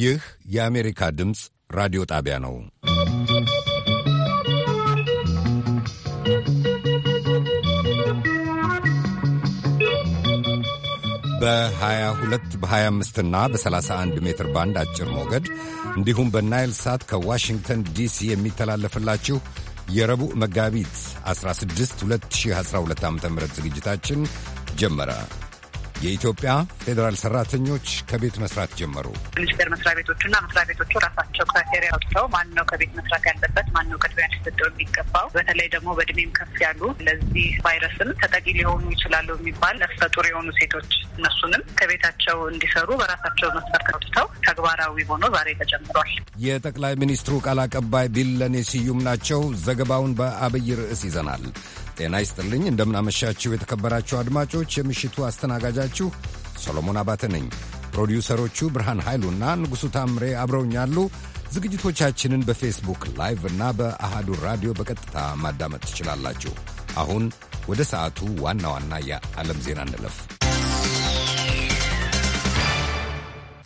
ይህ የአሜሪካ ድምፅ ራዲዮ ጣቢያ ነው። በ22 በ25 እና በ31 ሜትር ባንድ አጭር ሞገድ እንዲሁም በናይል ሳት ከዋሽንግተን ዲሲ የሚተላለፍላችሁ የረቡዕ መጋቢት 16 2012 ዓ ም ዝግጅታችን ጀመረ። የኢትዮጵያ ፌዴራል ሰራተኞች ከቤት መስራት ጀመሩ። ሚኒስቴር መስሪያ ቤቶቹና መስሪያ ቤቶቹ ራሳቸው ክራይቴሪያ ወጥተው ማን ነው ከቤት መስራት ያለበት፣ ማን ነው ቅድሚያ ሊሰጠው የሚገባው፣ በተለይ ደግሞ በእድሜም ከፍ ያሉ ለዚህ ቫይረስም ተጠቂ ሊሆኑ ይችላሉ የሚባል ነፍሰ ጡር የሆኑ ሴቶች እነሱንም ከቤታቸው እንዲሰሩ በራሳቸው መስፈርት አውጥተው ተግባራዊ ሆኖ ዛሬ ተጀምሯል። የጠቅላይ ሚኒስትሩ ቃል አቀባይ ቢለኔ ስዩም ናቸው። ዘገባውን በአብይ ርዕስ ይዘናል። ጤና ይስጥልኝ። እንደምናመሻችሁ የተከበራችሁ አድማጮች፣ የምሽቱ አስተናጋጃችሁ ሰሎሞን አባተ ነኝ። ፕሮዲውሰሮቹ ብርሃን ኃይሉና ንጉሡ ታምሬ አብረውኛሉ። ዝግጅቶቻችንን በፌስቡክ ላይቭ እና በአሃዱ ራዲዮ በቀጥታ ማዳመጥ ትችላላችሁ። አሁን ወደ ሰዓቱ ዋና ዋና የዓለም ዜና እንለፍ።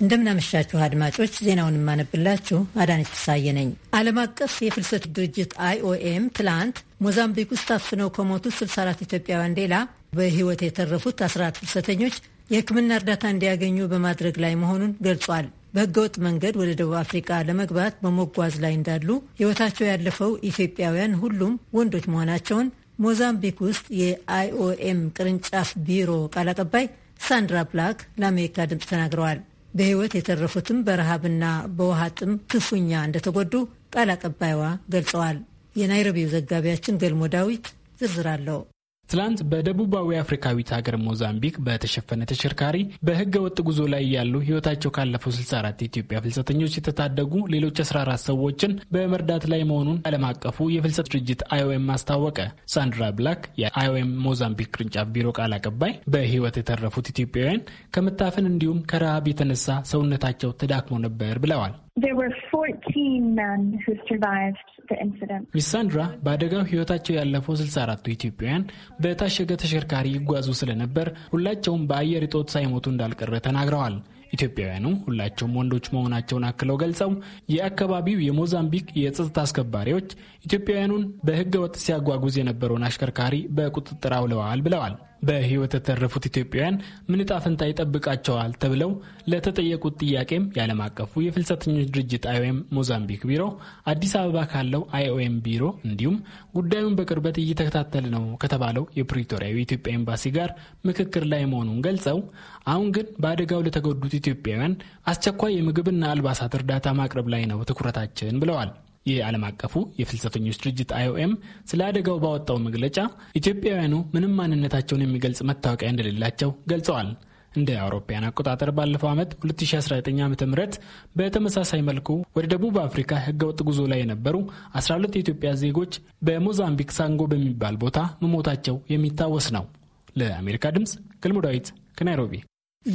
እንደምናመሻችሁ አድማጮች፣ ዜናውን የማነብላችሁ አዳነች ተሳየ ነኝ። ዓለም አቀፍ የፍልሰት ድርጅት አይኦኤም ትላንት ሞዛምቢክ ውስጥ ታፍነው ከሞቱት 64 ኢትዮጵያውያን ሌላ በህይወት የተረፉት 14 ፍልሰተኞች የሕክምና እርዳታ እንዲያገኙ በማድረግ ላይ መሆኑን ገልጿል። በህገወጥ መንገድ ወደ ደቡብ አፍሪካ ለመግባት በመጓዝ ላይ እንዳሉ ህይወታቸው ያለፈው ኢትዮጵያውያን ሁሉም ወንዶች መሆናቸውን ሞዛምቢክ ውስጥ የአይኦኤም ቅርንጫፍ ቢሮ ቃል አቀባይ ሳንድራ ብላክ ለአሜሪካ ድምፅ ተናግረዋል። በሕይወት የተረፉትም በረሃብና በውሃ ጥም ክፉኛ እንደተጎዱ ቃል አቀባይዋ ገልጸዋል። የናይሮቢው ዘጋቢያችን ገልሞ ዳዊት ዝርዝር አለው። ትላንት በደቡባዊ አፍሪካዊት ሀገር ሞዛምቢክ በተሸፈነ ተሽከርካሪ በህገ ወጥ ጉዞ ላይ ያሉ ህይወታቸው ካለፈው 64 የኢትዮጵያ ፍልሰተኞች የተታደጉ ሌሎች 14 ሰዎችን በመርዳት ላይ መሆኑን ዓለም አቀፉ የፍልሰት ድርጅት አይኦኤም አስታወቀ። ሳንድራ ብላክ የአይኦኤም ሞዛምቢክ ቅርንጫፍ ቢሮ ቃል አቀባይ በህይወት የተረፉት ኢትዮጵያውያን ከመታፈን እንዲሁም ከረሃብ የተነሳ ሰውነታቸው ተዳክሞ ነበር ብለዋል። ሚስ ሳንድራ በአደጋው ሕይወታቸው ያለፈው 64ቱ ኢትዮጵያውያን በታሸገ ተሽከርካሪ ይጓዙ ስለነበር ሁላቸውም በአየር እጦት ሳይሞቱ እንዳልቀረ ተናግረዋል። ኢትዮጵያውያኑ ሁላቸውም ወንዶች መሆናቸውን አክለው ገልጸው የአካባቢው የሞዛምቢክ የጸጥታ አስከባሪዎች ኢትዮጵያውያኑን በሕገ ወጥ ሲያጓጉዝ የነበረውን አሽከርካሪ በቁጥጥር አውለዋል ብለዋል። በህይወት የተረፉት ኢትዮጵያውያን ምን ዕጣ ፈንታ ይጠብቃቸዋል ተብለው ለተጠየቁት ጥያቄም የዓለም አቀፉ የፍልሰተኞች ድርጅት አይኦኤም ሞዛምቢክ ቢሮ አዲስ አበባ ካለው አይኦኤም ቢሮ እንዲሁም ጉዳዩን በቅርበት እየተከታተል ነው ከተባለው የፕሪቶሪያዊ ኢትዮጵያ ኤምባሲ ጋር ምክክር ላይ መሆኑን ገልጸው አሁን ግን በአደጋው ለተጎዱት ኢትዮጵያውያን አስቸኳይ የምግብና አልባሳት እርዳታ ማቅረብ ላይ ነው ትኩረታችን ብለዋል። የዓለም አቀፉ የፍልሰተኞች ድርጅት አይኦኤም ስለ አደጋው ባወጣው መግለጫ ኢትዮጵያውያኑ ምንም ማንነታቸውን የሚገልጽ መታወቂያ እንደሌላቸው ገልጸዋል። እንደ አውሮፓውያን አቆጣጠር ባለፈው ዓመት 2019 ዓ ም በተመሳሳይ መልኩ ወደ ደቡብ አፍሪካ ህገወጥ ጉዞ ላይ የነበሩ 12 የኢትዮጵያ ዜጎች በሞዛምቢክ ሳንጎ በሚባል ቦታ መሞታቸው የሚታወስ ነው። ለአሜሪካ ድምፅ ገልሞ ዳዊት ከናይሮቢ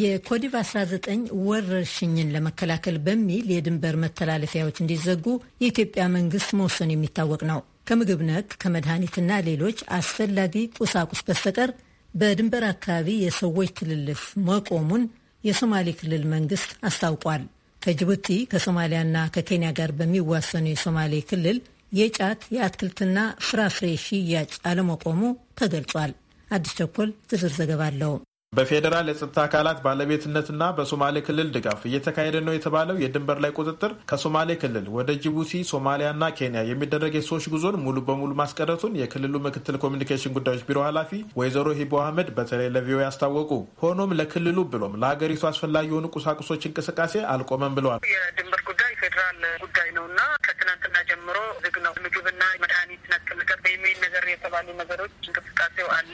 የኮዲቭ 19 ወረርሽኝን ለመከላከል በሚል የድንበር መተላለፊያዎች እንዲዘጉ የኢትዮጵያ መንግስት መወሰኑ የሚታወቅ ነው። ከምግብ ነክ ከመድኃኒትና ሌሎች አስፈላጊ ቁሳቁስ በስተቀር በድንበር አካባቢ የሰዎች ትልልፍ መቆሙን የሶማሌ ክልል መንግስት አስታውቋል። ከጅቡቲ ከሶማሊያና ከኬንያ ጋር በሚዋሰኑ የሶማሌ ክልል የጫት የአትክልትና ፍራፍሬ ሽያጭ አለመቆሙ ተገልጿል። አዲስ ቸኮል ዝርዝር ዘገባ አለው። በፌዴራል የጸጥታ አካላት ባለቤትነትና በሶማሌ ክልል ድጋፍ እየተካሄደ ነው የተባለው የድንበር ላይ ቁጥጥር ከሶማሌ ክልል ወደ ጅቡቲ፣ ሶማሊያና ኬንያ የሚደረግ የሰዎች ጉዞን ሙሉ በሙሉ ማስቀረቱን የክልሉ ምክትል ኮሚኒኬሽን ጉዳዮች ቢሮ ኃላፊ ወይዘሮ ሂቦ አህመድ በተለይ ለቪኦኤ ያስታወቁ። ሆኖም ለክልሉ ብሎም ለሀገሪቱ አስፈላጊ የሆኑ ቁሳቁሶች እንቅስቃሴ አልቆመም ብለዋል። የድንበር ጉዳይ ፌዴራል ጉዳይ ነውና ከትናንትና ጀምሮ ዝግ ነው። ምግብና መድኃኒት ነክ ነገር የተባሉ ነገሮች እንቅስቃሴው አለ።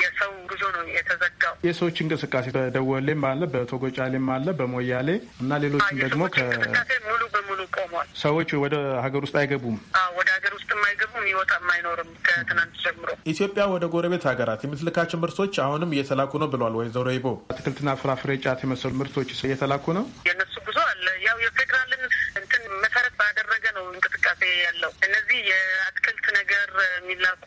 የሰው ጉዞ ነው የተዘጋው። የሰዎች እንቅስቃሴ በደወሌም አለ፣ በቶጎጫሌም አለ፣ በሞያሌ እና ሌሎችም ደግሞ እንቅስቃሴ ሙሉ በሙሉ ቆሟል። ሰዎች ወደ ሀገር ውስጥ አይገቡም። ወደ ሀገር ውስጥ የማይገቡም ይወጣ የማይኖርም ከትናንት ጀምሮ። ኢትዮጵያ ወደ ጎረቤት ሀገራት የምትልካቸው ምርቶች አሁንም እየተላኩ ነው ብሏል ወይዘሮ ይቦ። አትክልትና ፍራፍሬ፣ ጫት የመሰሉ ምርቶች እየተላኩ ነው። የእነሱ ጉዞ አለ ያው የፌዴራልን ባደረገ ነው እንቅስቃሴ ያለው። እነዚህ የአትክልት ነገር የሚላኩ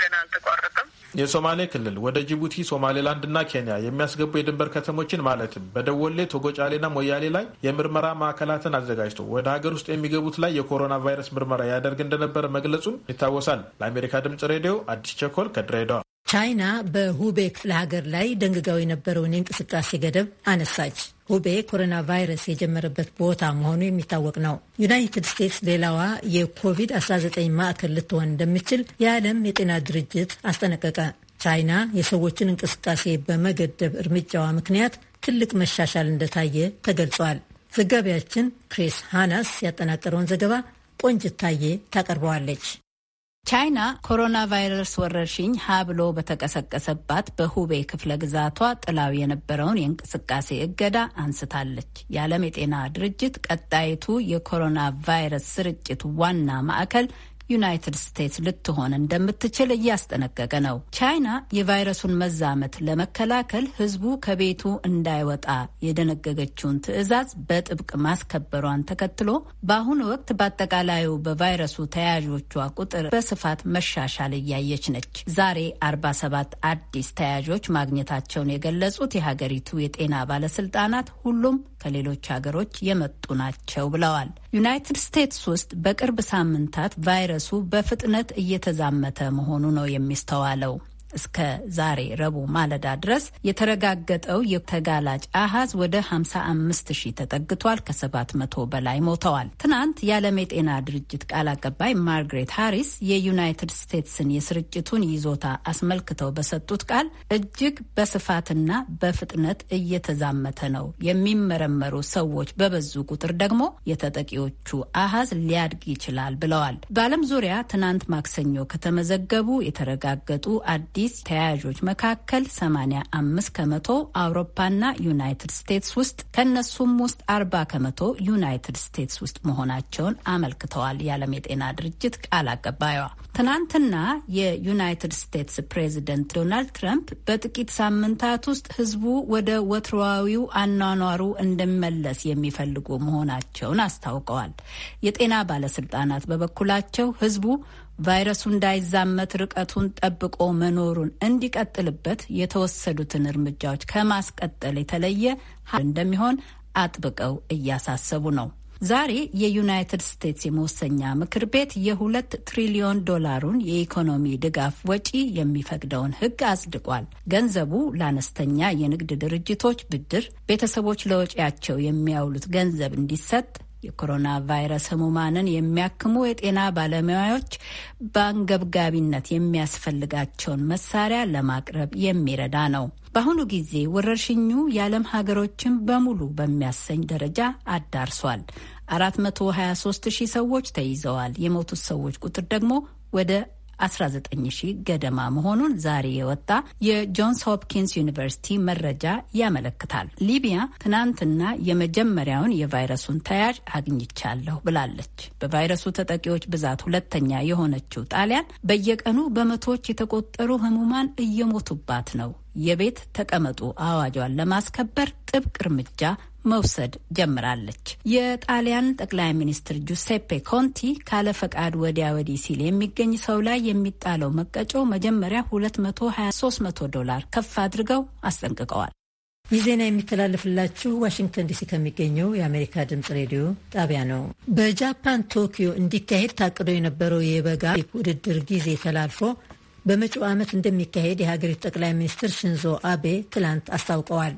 ገና አልተቋረጠም። የሶማሌ ክልል ወደ ጅቡቲ፣ ሶማሌላንድ እና ኬንያ የሚያስገቡ የድንበር ከተሞችን ማለትም በደወሌ ቶጎጫሌና ሞያሌ ላይ የምርመራ ማዕከላትን አዘጋጅቶ ወደ ሀገር ውስጥ የሚገቡት ላይ የኮሮና ቫይረስ ምርመራ ያደርግ እንደነበረ መግለጹም ይታወሳል። ለአሜሪካ ድምጽ ሬዲዮ አዲስ ቸኮል ከድሬዳዋ ቻይና በሁቤ ክፍለ ሀገር ላይ ደንግጋው የነበረውን የእንቅስቃሴ ገደብ አነሳች። ሁቤ ኮሮና ቫይረስ የጀመረበት ቦታ መሆኑ የሚታወቅ ነው። ዩናይትድ ስቴትስ ሌላዋ የኮቪድ-19 ማዕከል ልትሆን እንደሚችል የዓለም የጤና ድርጅት አስጠነቀቀ። ቻይና የሰዎችን እንቅስቃሴ በመገደብ እርምጃዋ ምክንያት ትልቅ መሻሻል እንደታየ ተገልጿል። ዘጋቢያችን ክሪስ ሃናስ ያጠናቀረውን ዘገባ ቆንጅታዬ ታቀርበዋለች። ቻይና ኮሮና ቫይረስ ወረርሽኝ ሀ ብሎ በተቀሰቀሰባት በሁቤ ክፍለ ግዛቷ ጥላው የነበረውን የእንቅስቃሴ እገዳ አንስታለች። የዓለም የጤና ድርጅት ቀጣይቱ የኮሮና ቫይረስ ስርጭት ዋና ማዕከል ዩናይትድ ስቴትስ ልትሆን እንደምትችል እያስጠነቀቀ ነው። ቻይና የቫይረሱን መዛመት ለመከላከል ሕዝቡ ከቤቱ እንዳይወጣ የደነገገችውን ትዕዛዝ በጥብቅ ማስከበሯን ተከትሎ በአሁኑ ወቅት በአጠቃላዩ በቫይረሱ ተያዦቿ ቁጥር በስፋት መሻሻል እያየች ነች። ዛሬ 47 አዲስ ተያዦች ማግኘታቸውን የገለጹት የሀገሪቱ የጤና ባለስልጣናት ሁሉም ከሌሎች ሀገሮች የመጡ ናቸው ብለዋል። ዩናይትድ ስቴትስ ውስጥ በቅርብ ሳምንታት ቫይረሱ በፍጥነት እየተዛመተ መሆኑ ነው የሚስተዋለው። እስከ ዛሬ ረቡዕ ማለዳ ድረስ የተረጋገጠው የተጋላጭ አሃዝ ወደ 55 ሺህ ተጠግቷል። ከ700 በላይ ሞተዋል። ትናንት የዓለም የጤና ድርጅት ቃል አቀባይ ማርግሬት ሃሪስ የዩናይትድ ስቴትስን የስርጭቱን ይዞታ አስመልክተው በሰጡት ቃል እጅግ በስፋትና በፍጥነት እየተዛመተ ነው። የሚመረመሩ ሰዎች በበዙ ቁጥር ደግሞ የተጠቂዎቹ አሃዝ ሊያድግ ይችላል ብለዋል። በዓለም ዙሪያ ትናንት ማክሰኞ ከተመዘገቡ የተረጋገጡ አ።ዲ አዲስ ተያያዦች መካከል 85 ከመቶ አውሮፓና ዩናይትድ ስቴትስ ውስጥ ከነሱም ውስጥ 40 ከመቶ ዩናይትድ ስቴትስ ውስጥ መሆናቸውን አመልክተዋል የዓለም የጤና ድርጅት ቃል አቀባይዋ። ትናንትና የዩናይትድ ስቴትስ ፕሬዚደንት ዶናልድ ትራምፕ በጥቂት ሳምንታት ውስጥ ህዝቡ ወደ ወትሮዋዊው አኗኗሩ እንዲመለስ የሚፈልጉ መሆናቸውን አስታውቀዋል። የጤና ባለስልጣናት በበኩላቸው ህዝቡ ቫይረሱ እንዳይዛመት ርቀቱን ጠብቆ መኖሩን እንዲቀጥልበት የተወሰዱትን እርምጃዎች ከማስቀጠል የተለየ እንደሚሆን አጥብቀው እያሳሰቡ ነው። ዛሬ የዩናይትድ ስቴትስ የመወሰኛ ምክር ቤት የሁለት ትሪሊዮን ዶላሩን የኢኮኖሚ ድጋፍ ወጪ የሚፈቅደውን ሕግ አጽድቋል። ገንዘቡ ለአነስተኛ የንግድ ድርጅቶች ብድር፣ ቤተሰቦች ለወጪያቸው የሚያውሉት ገንዘብ እንዲሰጥ የኮሮና ቫይረስ ህሙማንን የሚያክሙ የጤና ባለሙያዎች በአንገብጋቢነት የሚያስፈልጋቸውን መሳሪያ ለማቅረብ የሚረዳ ነው። በአሁኑ ጊዜ ወረርሽኙ የዓለም ሀገሮችን በሙሉ በሚያሰኝ ደረጃ አዳርሷል። 423 ሺህ ሰዎች ተይዘዋል። የሞቱት ሰዎች ቁጥር ደግሞ ወደ 19000 ገደማ መሆኑን ዛሬ የወጣ የጆንስ ሆፕኪንስ ዩኒቨርሲቲ መረጃ ያመለክታል። ሊቢያ ትናንትና የመጀመሪያውን የቫይረሱን ተያዥ አግኝቻለሁ ብላለች። በቫይረሱ ተጠቂዎች ብዛት ሁለተኛ የሆነችው ጣሊያን በየቀኑ በመቶዎች የተቆጠሩ ህሙማን እየሞቱባት ነው። የቤት ተቀመጡ አዋጇን ለማስከበር ጥብቅ እርምጃ መውሰድ ጀምራለች። የጣሊያን ጠቅላይ ሚኒስትር ጁሴፔ ኮንቲ ካለ ፈቃድ ወዲያ ወዲህ ሲል የሚገኝ ሰው ላይ የሚጣለው መቀጮ መጀመሪያ 22300 ዶላር ከፍ አድርገው አስጠንቅቀዋል። ይህ ዜና የሚተላለፍላችሁ ዋሽንግተን ዲሲ ከሚገኘው የአሜሪካ ድምጽ ሬዲዮ ጣቢያ ነው። በጃፓን ቶኪዮ እንዲካሄድ ታቅዶ የነበረው የበጋ ውድድር ጊዜ ተላልፎ በመጪው ዓመት እንደሚካሄድ የሀገሪቱ ጠቅላይ ሚኒስትር ሽንዞ አቤ ትላንት አስታውቀዋል።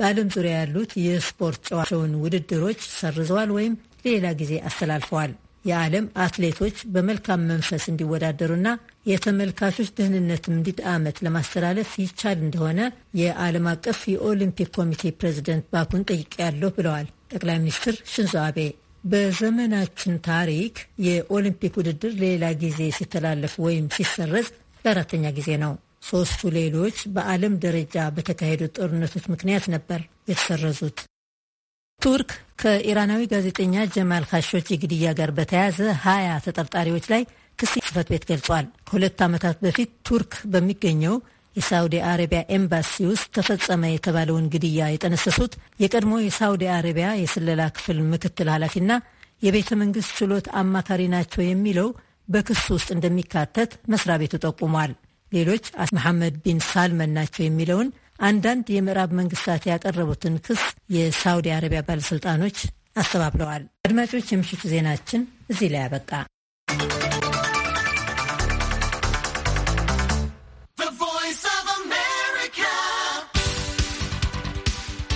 በዓለም ዙሪያ ያሉት የስፖርት ጨዋታቸውን ውድድሮች ሰርዘዋል ወይም ሌላ ጊዜ አስተላልፈዋል። የዓለም አትሌቶች በመልካም መንፈስ እንዲወዳደሩና የተመልካቾች ደህንነት እንዲጣመት ለማስተላለፍ ይቻል እንደሆነ የዓለም አቀፍ የኦሊምፒክ ኮሚቴ ፕሬዚደንት ባኩን ጠይቄያለሁ ብለዋል ጠቅላይ ሚኒስትር ሽንዞ አቤ። በዘመናችን ታሪክ የኦሊምፒክ ውድድር ሌላ ጊዜ ሲተላለፍ ወይም ሲሰረዝ ለአራተኛ ጊዜ ነው። ሶስቱ ሌሎች በዓለም ደረጃ በተካሄዱ ጦርነቶች ምክንያት ነበር የተሰረዙት። ቱርክ ከኢራናዊ ጋዜጠኛ ጀማል ካሾች ግድያ ጋር በተያያዘ ሀያ ተጠርጣሪዎች ላይ ክስ ጽህፈት ቤት ገልጿል። ከሁለት ዓመታት በፊት ቱርክ በሚገኘው የሳውዲ አረቢያ ኤምባሲ ውስጥ ተፈጸመ የተባለውን ግድያ የጠነሰሱት የቀድሞ የሳውዲ አረቢያ የስለላ ክፍል ምክትል ኃላፊና የቤተ መንግስት ችሎት አማካሪ ናቸው የሚለው በክሱ ውስጥ እንደሚካተት መስሪያ ቤቱ ጠቁሟል። ሌሎች መሐመድ ቢን ሳልመን ናቸው የሚለውን አንዳንድ የምዕራብ መንግስታት ያቀረቡትን ክስ የሳውዲ አረቢያ ባለሥልጣኖች አስተባብለዋል። አድማጮች፣ የምሽቱ ዜናችን እዚህ ላይ አበቃ።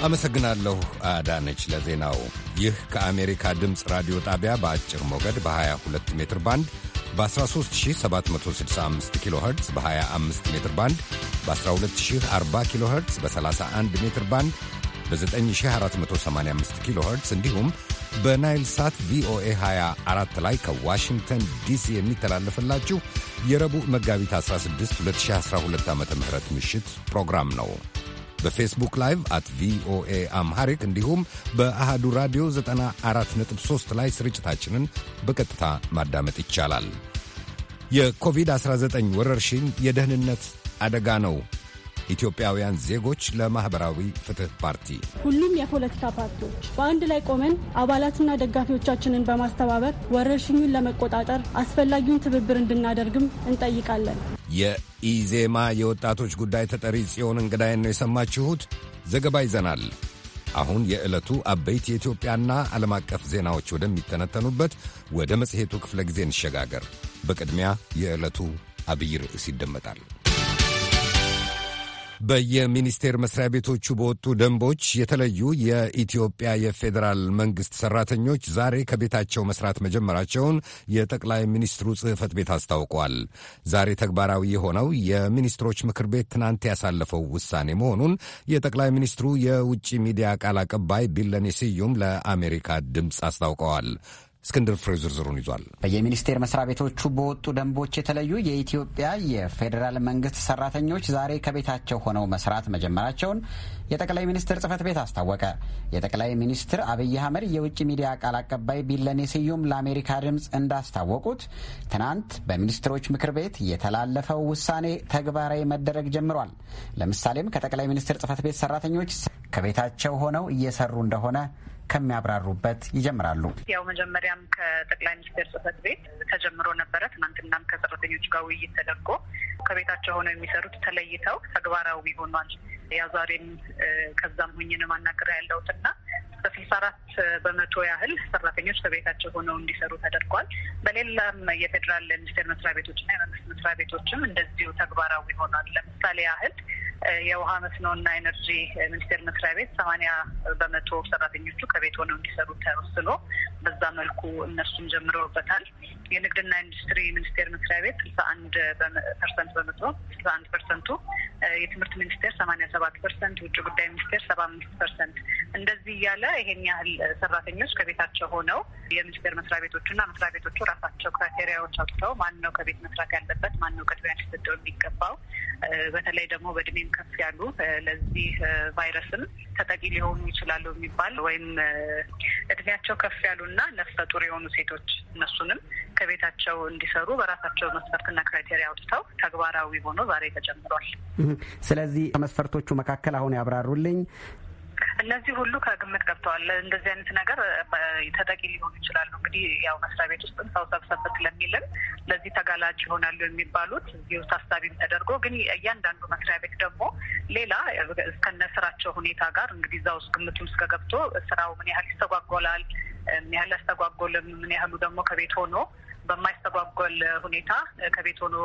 አመሰግናለሁ አዳነች ለዜናው። ይህ ከአሜሪካ ድምፅ ራዲዮ ጣቢያ በአጭር ሞገድ በ22 ሜትር ባንድ በ13765 ኪሎ ኸርትዝ በ25 ሜትር ባንድ በ12040 ኪሎ ኸርትዝ በ31 ሜትር ባንድ በ9485 ኪሎ ኸርትዝ እንዲሁም በናይል ሳት ቪኦኤ 24 ላይ ከዋሽንግተን ዲሲ የሚተላለፍላችሁ የረቡዕ መጋቢት 16 2012 ዓ ም ምሽት ፕሮግራም ነው። በፌስቡክ ላይቭ አት ቪኦኤ አምሃሪክ እንዲሁም በአሃዱ ራዲዮ 94.3 ላይ ስርጭታችንን በቀጥታ ማዳመጥ ይቻላል። የኮቪድ-19 ወረርሽኝ የደህንነት አደጋ ነው። ኢትዮጵያውያን ዜጎች ለማኅበራዊ ፍትህ ፓርቲ ሁሉም የፖለቲካ ፓርቲዎች በአንድ ላይ ቆመን አባላትና ደጋፊዎቻችንን በማስተባበር ወረርሽኙን ለመቆጣጠር አስፈላጊውን ትብብር እንድናደርግም እንጠይቃለን። የኢዜማ የወጣቶች ጉዳይ ተጠሪ ጽዮን እንግዳይን ነው የሰማችሁት። ዘገባ ይዘናል። አሁን የዕለቱ አበይት የኢትዮጵያና ዓለም አቀፍ ዜናዎች ወደሚተነተኑበት ወደ መጽሔቱ ክፍለ ጊዜ እንሸጋገር። በቅድሚያ የዕለቱ አብይ ርዕስ ይደመጣል። በየሚኒስቴር መስሪያ ቤቶቹ በወጡ ደንቦች የተለዩ የኢትዮጵያ የፌዴራል መንግስት ሰራተኞች ዛሬ ከቤታቸው መስራት መጀመራቸውን የጠቅላይ ሚኒስትሩ ጽህፈት ቤት አስታውቋል። ዛሬ ተግባራዊ የሆነው የሚኒስትሮች ምክር ቤት ትናንት ያሳለፈው ውሳኔ መሆኑን የጠቅላይ ሚኒስትሩ የውጭ ሚዲያ ቃል አቀባይ ቢለኔ ስዩም ለአሜሪካ ድምፅ አስታውቀዋል። እስክንድር ፍሬው ዝርዝሩን ይዟል። በየሚኒስቴር መስሪያ ቤቶቹ በወጡ ደንቦች የተለዩ የኢትዮጵያ የፌዴራል መንግስት ሰራተኞች ዛሬ ከቤታቸው ሆነው መስራት መጀመራቸውን የጠቅላይ ሚኒስትር ጽህፈት ቤት አስታወቀ። የጠቅላይ ሚኒስትር አብይ አህመድ የውጭ ሚዲያ ቃል አቀባይ ቢለኔ ስዩም ለአሜሪካ ድምፅ እንዳስታወቁት ትናንት በሚኒስትሮች ምክር ቤት የተላለፈው ውሳኔ ተግባራዊ መደረግ ጀምሯል። ለምሳሌም ከጠቅላይ ሚኒስትር ጽህፈት ቤት ሰራተኞች ከቤታቸው ሆነው እየሰሩ እንደሆነ ከሚያብራሩበት ይጀምራሉ። ያው መጀመሪያም ከጠቅላይ ሚኒስቴር ጽህፈት ቤት ተጀምሮ ነበረ። ትናንትናም ከሰራተኞች ጋር ውይይት ተደርጎ ከቤታቸው ሆነው የሚሰሩት ተለይተው ተግባራዊ ሆኗል። ያ ዛሬም ከዛም ሁኝን ማናገር ያለውትና በስልሳ አራት በመቶ ያህል ሰራተኞች ከቤታቸው ሆነው እንዲሰሩ ተደርጓል። በሌላም የፌዴራል ሚኒስቴር መስሪያ ቤቶችና የመንግስት መስሪያ ቤቶችም እንደዚሁ ተግባራዊ ሆኗል። ለምሳሌ ያህል የውሃ መስኖና ኤነርጂ ሚኒስቴር መስሪያ ቤት ሰማኒያ በመቶ ሰራተኞቹ ከቤት ሆነው እንዲሰሩ ተወስኖ በዛ መልኩ እነሱም ጀምረውበታል። የንግድና ኢንዱስትሪ ሚኒስቴር መስሪያ ቤት ስልሳ አንድ ፐርሰንት በመቶ ስልሳ አንድ ፐርሰንቱ የትምህርት ሚኒስቴር ሰማኒያ ሰባት ፐርሰንት ውጭ ጉዳይ ሚኒስቴር ሰባ አምስት ፐርሰንት እንደዚህ እያለ ይሄን ያህል ሰራተኞች ከቤታቸው ሆነው የሚኒስቴር መስሪያ ቤቶቹና መስሪያ ቤቶቹ ራሳቸው ክራይቴሪያዎች አውጥተው ማን ነው ከቤት መስራት ያለበት፣ ማን ነው ቅድሚያ ሊሰጠው የሚገባው፣ በተለይ ደግሞ በእድሜም ከፍ ያሉ ለዚህ ቫይረስም ተጠቂ ሊሆኑ ይችላሉ የሚባል ወይም እድሜያቸው ከፍ ያሉና ነፍሰ ጡር የሆኑ ሴቶች እነሱንም ከቤታቸው እንዲሰሩ በራሳቸው መስፈርትና ክራይቴሪያ አውጥተው ተግባራዊ ሆኖ ዛሬ ተጀምሯል። ስለዚህ ከመስፈርቶቹ መካከል አሁን ያብራሩልኝ እነዚህ ሁሉ ከግምት ገብተዋል። እንደዚህ አይነት ነገር ተጠቂ ሊሆኑ ይችላሉ። እንግዲህ ያው መስሪያ ቤት ውስጥ ሰው ሰብሰብ ስለሚልም ለዚህ ተጋላጭ ይሆናሉ የሚባሉት እዚህ ውስጥ ታሳቢም ተደርጎ ግን እያንዳንዱ መስሪያ ቤት ደግሞ ሌላ እስከነ ስራቸው ሁኔታ ጋር እንግዲህ እዛ ውስጥ ግምቱ እስከ ገብቶ ስራው ምን ያህል ይስተጓጎላል፣ ምን ያህል ያስተጓጎልም፣ ምን ያህሉ ደግሞ ከቤት ሆኖ በማይስተጓጎል ሁኔታ ከቤት ሆኖ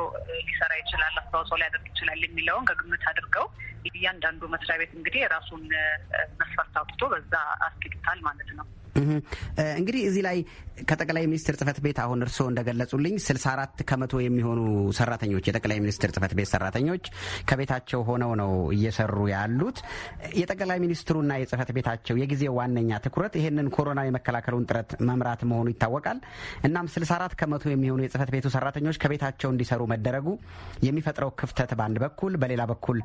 ሊሰራ ይችላል፣ አስተዋጽኦ ሊያደርግ ይችላል የሚለውን ከግምት አድርገው እያንዳንዱ መስሪያ ቤት እንግዲህ የራሱን መስፈርት አውጥቶ በዛ አስጌጥታል ማለት ነው። እንግዲህ እዚህ ላይ ከጠቅላይ ሚኒስትር ጽህፈት ቤት አሁን እርስዎ እንደገለጹልኝ ስልሳ አራት ከመቶ የሚሆኑ ሰራተኞች የጠቅላይ ሚኒስትር ጽህፈት ቤት ሰራተኞች ከቤታቸው ሆነው ነው እየሰሩ ያሉት። የጠቅላይ ሚኒስትሩና የጽህፈት ቤታቸው የጊዜ ዋነኛ ትኩረት ይህንን ኮሮና የመከላከሉን ጥረት መምራት መሆኑ ይታወቃል። እናም ስልሳ አራት ከመቶ የሚሆኑ የጽህፈት ቤቱ ሰራተኞች ከቤታቸው እንዲሰሩ መደረጉ የሚፈጥረው ክፍተት በአንድ በኩል፣ በሌላ በኩል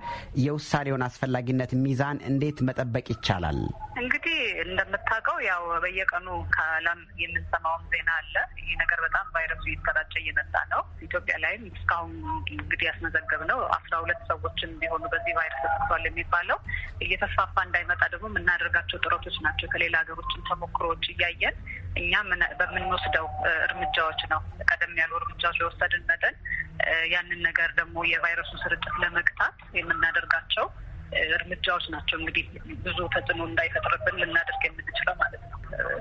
የውሳኔውን አስፈላጊነት ሚዛን እንዴት መጠበቅ ይቻላል? እንግዲህ እንደምታውቀው ያው በየቀኑ ከዓለም የምንሰ የምንሰማውም ዜና አለ። ይህ ነገር በጣም ቫይረሱ እየተሰራጨ እየመጣ ነው። ኢትዮጵያ ላይም እስካሁን እንግዲህ ያስመዘገብ ነው አስራ ሁለት ሰዎችን ቢሆኑ በዚህ ቫይረስ ተጠቅቷል የሚባለው እየተስፋፋ እንዳይመጣ ደግሞ የምናደርጋቸው ጥረቶች ናቸው። ከሌላ ሀገሮችን ተሞክሮዎች እያየን እኛ በምንወስደው እርምጃዎች ነው። ቀደም ያሉ እርምጃዎች የወሰድን መጠን ያንን ነገር ደግሞ የቫይረሱ ስርጭት ለመግታት የምናደርጋቸው እርምጃዎች ናቸው። እንግዲህ ብዙ ተጽዕኖ እንዳይፈጥርብን ልናደርግ የምንችለው ማለት ነው።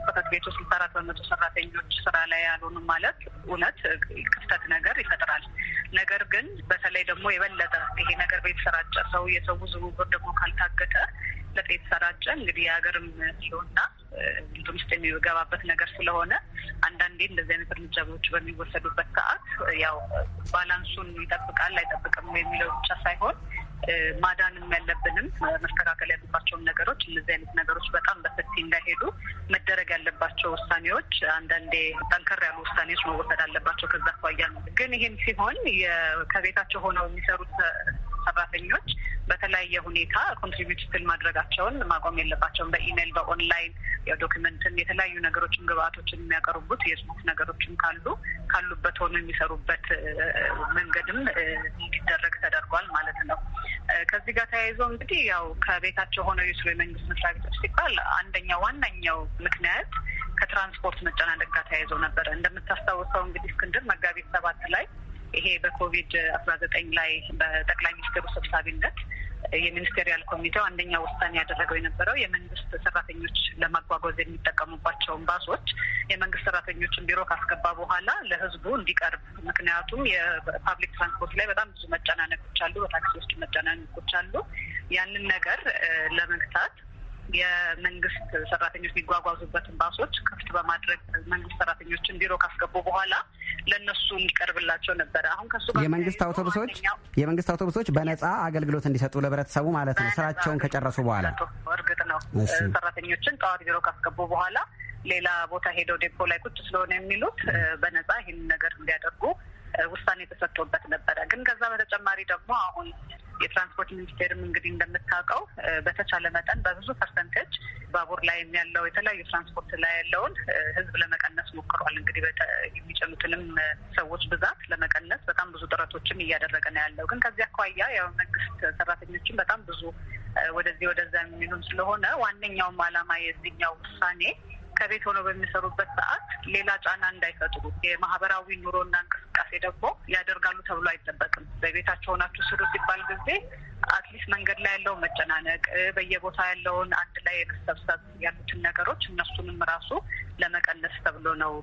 ጽህፈት ቤቱ ስልሳ አራት በመቶ ሰራተኞች ስራ ላይ ያልሆኑ ማለት እውነት ክፍተት ነገር ይፈጥራል። ነገር ግን በተለይ ደግሞ የበለጠ ይሄ ነገር በተሰራጨ ሰው የሰው ዝውውር ደግሞ ካልታገጠ ለጥ የተሰራጨ እንግዲህ የሀገርም ሊሆንና እንትን ውስጥ የሚገባበት ነገር ስለሆነ አንዳንዴ እንደዚህ አይነት እርምጃዎች በሚወሰዱበት ሰዓት ያው ባላንሱን ይጠብቃል አይጠብቅም የሚለው ብቻ ሳይሆን ማዳንም ያለብንም መስተካከል ያለባቸውን ነገሮች እነዚህ አይነት ነገሮች በጣም በሰፊ እንዳይሄዱ መደረግ ያለባቸው ውሳኔዎች አንዳንዴ ጠንከር ያሉ ውሳኔዎች መወሰድ አለባቸው። ከዛ አኳያ ነው ግን ይህም ሲሆን ከቤታቸው ሆነው የሚሰሩት ሰራተኞች በተለያየ ሁኔታ ኮንትሪቢዩት ስል ማድረጋቸውን ማቆም የለባቸውም። በኢሜይል በኦንላይን ዶክመንትን የተለያዩ ነገሮችን ግብአቶችን የሚያቀርቡት የጽሁፍ ነገሮችን ካሉ ካሉበት ሆኖ የሚሰሩበት መንገድም እንዲደረግ ተደርጓል ማለት ነው። ከዚህ ጋር ተያይዞ እንግዲህ ያው ከቤታቸው ሆነው የስሩ የመንግስት መስሪያ ቤቶች ሲባል አንደኛው ዋናኛው ምክንያት ከትራንስፖርት መጨናነቅ ጋር ተያይዞ ነበረ። እንደምታስታውሰው እንግዲህ እስክንድር መጋቢት ሰባት ላይ ይሄ በኮቪድ አስራ ዘጠኝ ላይ በጠቅላይ ሚኒስትሩ ሰብሳቢነት የሚኒስቴሪያል ኮሚቴው አንደኛ ውሳኔ ያደረገው የነበረው የመንግስት ሰራተኞች ለማጓጓዝ የሚጠቀሙባቸውን ባሶች የመንግስት ሰራተኞችን ቢሮ ካስገባ በኋላ ለህዝቡ እንዲቀርብ። ምክንያቱም የፓብሊክ ትራንስፖርት ላይ በጣም ብዙ መጨናነቆች አሉ፣ በታክሲ ውስጥ መጨናነቆች አሉ። ያንን ነገር ለመግታት የመንግስት ሰራተኞች የሚጓጓዙበትን ባሶች ክፍት በማድረግ መንግስት ሰራተኞችን ቢሮ ካስገቡ በኋላ ለእነሱ እንዲቀርብላቸው ነበረ። አሁን ከሱ የመንግስት አውቶቡሶች የመንግስት አውቶቡሶች በነጻ አገልግሎት እንዲሰጡ ለህብረተሰቡ ማለት ነው፣ ስራቸውን ከጨረሱ በኋላ። እርግጥ ነው ሰራተኞችን ጠዋት ቢሮ ካስገቡ በኋላ ሌላ ቦታ ሄደው ዴፖ ላይ ቁጭ ስለሆነ የሚሉት በነጻ ይህንን ነገር እንዲያደርጉ ውሳኔ ተሰጥቶበት ነበረ። ግን ከዛ በተጨማሪ ደግሞ አሁን የትራንስፖርት ሚኒስቴርም እንግዲህ እንደምታውቀው በተቻለ መጠን በብዙ ፐርሰንቴጅ ባቡር ላይም ያለው የተለያዩ ትራንስፖርት ላይ ያለውን ህዝብ ለመቀነስ ሞክሯል። እንግዲህ የሚጨኑትንም ሰዎች ብዛት ለመቀነስ በጣም ብዙ ጥረቶችም እያደረገ ነው ያለው። ግን ከዚህ አኳያ ያው መንግስት ሰራተኞችን በጣም ብዙ ወደዚህ ወደዛ የሚሉን ስለሆነ ዋነኛውም አላማ የዚህኛው ውሳኔ ከቤት ሆነው በሚሰሩበት ሰዓት ሌላ ጫና እንዳይፈጥሩ የማህበራዊ ኑሮና እንቅስቃሴ ደግሞ ያደርጋሉ ተብሎ አይጠበቅም። በቤታቸው ሆናችሁ ስሩ ሲባል ጊዜ አትሊስት መንገድ ላይ ያለው መጨናነቅ፣ በየቦታ ያለውን አንድ ላይ የመሰብሰብ ያሉትን ነገሮች እነሱንም ራሱ ለመቀነስ ተብሎ ነው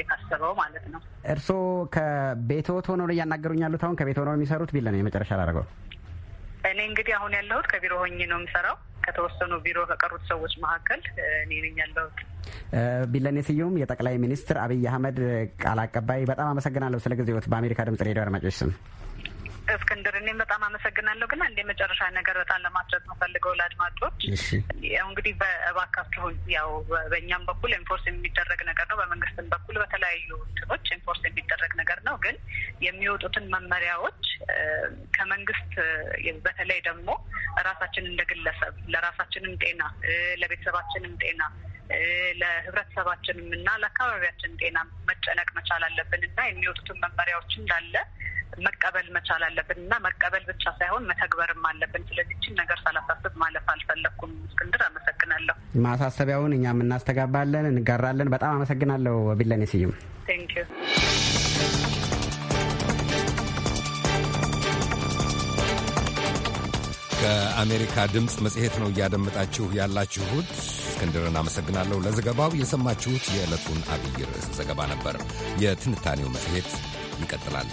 የታሰበው ማለት ነው። እርስዎ ከቤትዎት ሆነው ነው እያናገሩኝ ያሉት? አሁን ከቤት ሆነው የሚሰሩት ቢለ ነው የመጨረሻ ላደረገው። እኔ እንግዲህ አሁን ያለሁት ከቢሮ ሆኜ ነው የምሰራው ከተወሰኑ ቢሮ ከቀሩት ሰዎች መካከል እኔ ነኝ ያለሁት። ቢለኔ ስዩም የጠቅላይ ሚኒስትር አብይ አህመድ ቃል አቀባይ፣ በጣም አመሰግናለሁ ስለ ጊዜዎት በአሜሪካ ድምጽ ሬዲዮ አድማጮች ስም እስክንድር፣ እኔም በጣም አመሰግናለሁ። ግን አንድ የመጨረሻ ነገር በጣም ለማድረግ የምፈልገው ለአድማጮች ያው እንግዲህ በእባካችሁን ያው በእኛም በኩል ኢንፎርስ የሚደረግ ነገር ነው፣ በመንግስትም በኩል በተለያዩ እንትኖች ኢንፎርስ የሚደረግ ነገር ነው። ግን የሚወጡትን መመሪያዎች ከመንግስት በተለይ ደግሞ ራሳችን እንደ ግለሰብ ለራሳችንም ጤና ለቤተሰባችንም ጤና ለህብረተሰባችንም እና ለአካባቢያችን ጤና መጨነቅ መቻል አለብን እና የሚወጡትን መመሪያዎች እንዳለ መቀበል መቻል አለብን እና መቀበል ብቻ ሳይሆን መተግበርም አለብን። ስለዚህችን ነገር ሳላሳስብ ማለፍ አልፈለግኩም። እስክንድር አመሰግናለሁ። ማሳሰቢያውን እኛም እናስተጋባለን፣ እንጋራለን። በጣም አመሰግናለሁ ቢለኔ ስዩም ቴንኪዩ። ከአሜሪካ ድምፅ መጽሔት ነው እያደመጣችሁ ያላችሁት። እስክንድርን አመሰግናለሁ ለዘገባው። የሰማችሁት የዕለቱን አብይ ርዕስ ዘገባ ነበር። የትንታኔው መጽሔት ይቀጥላል።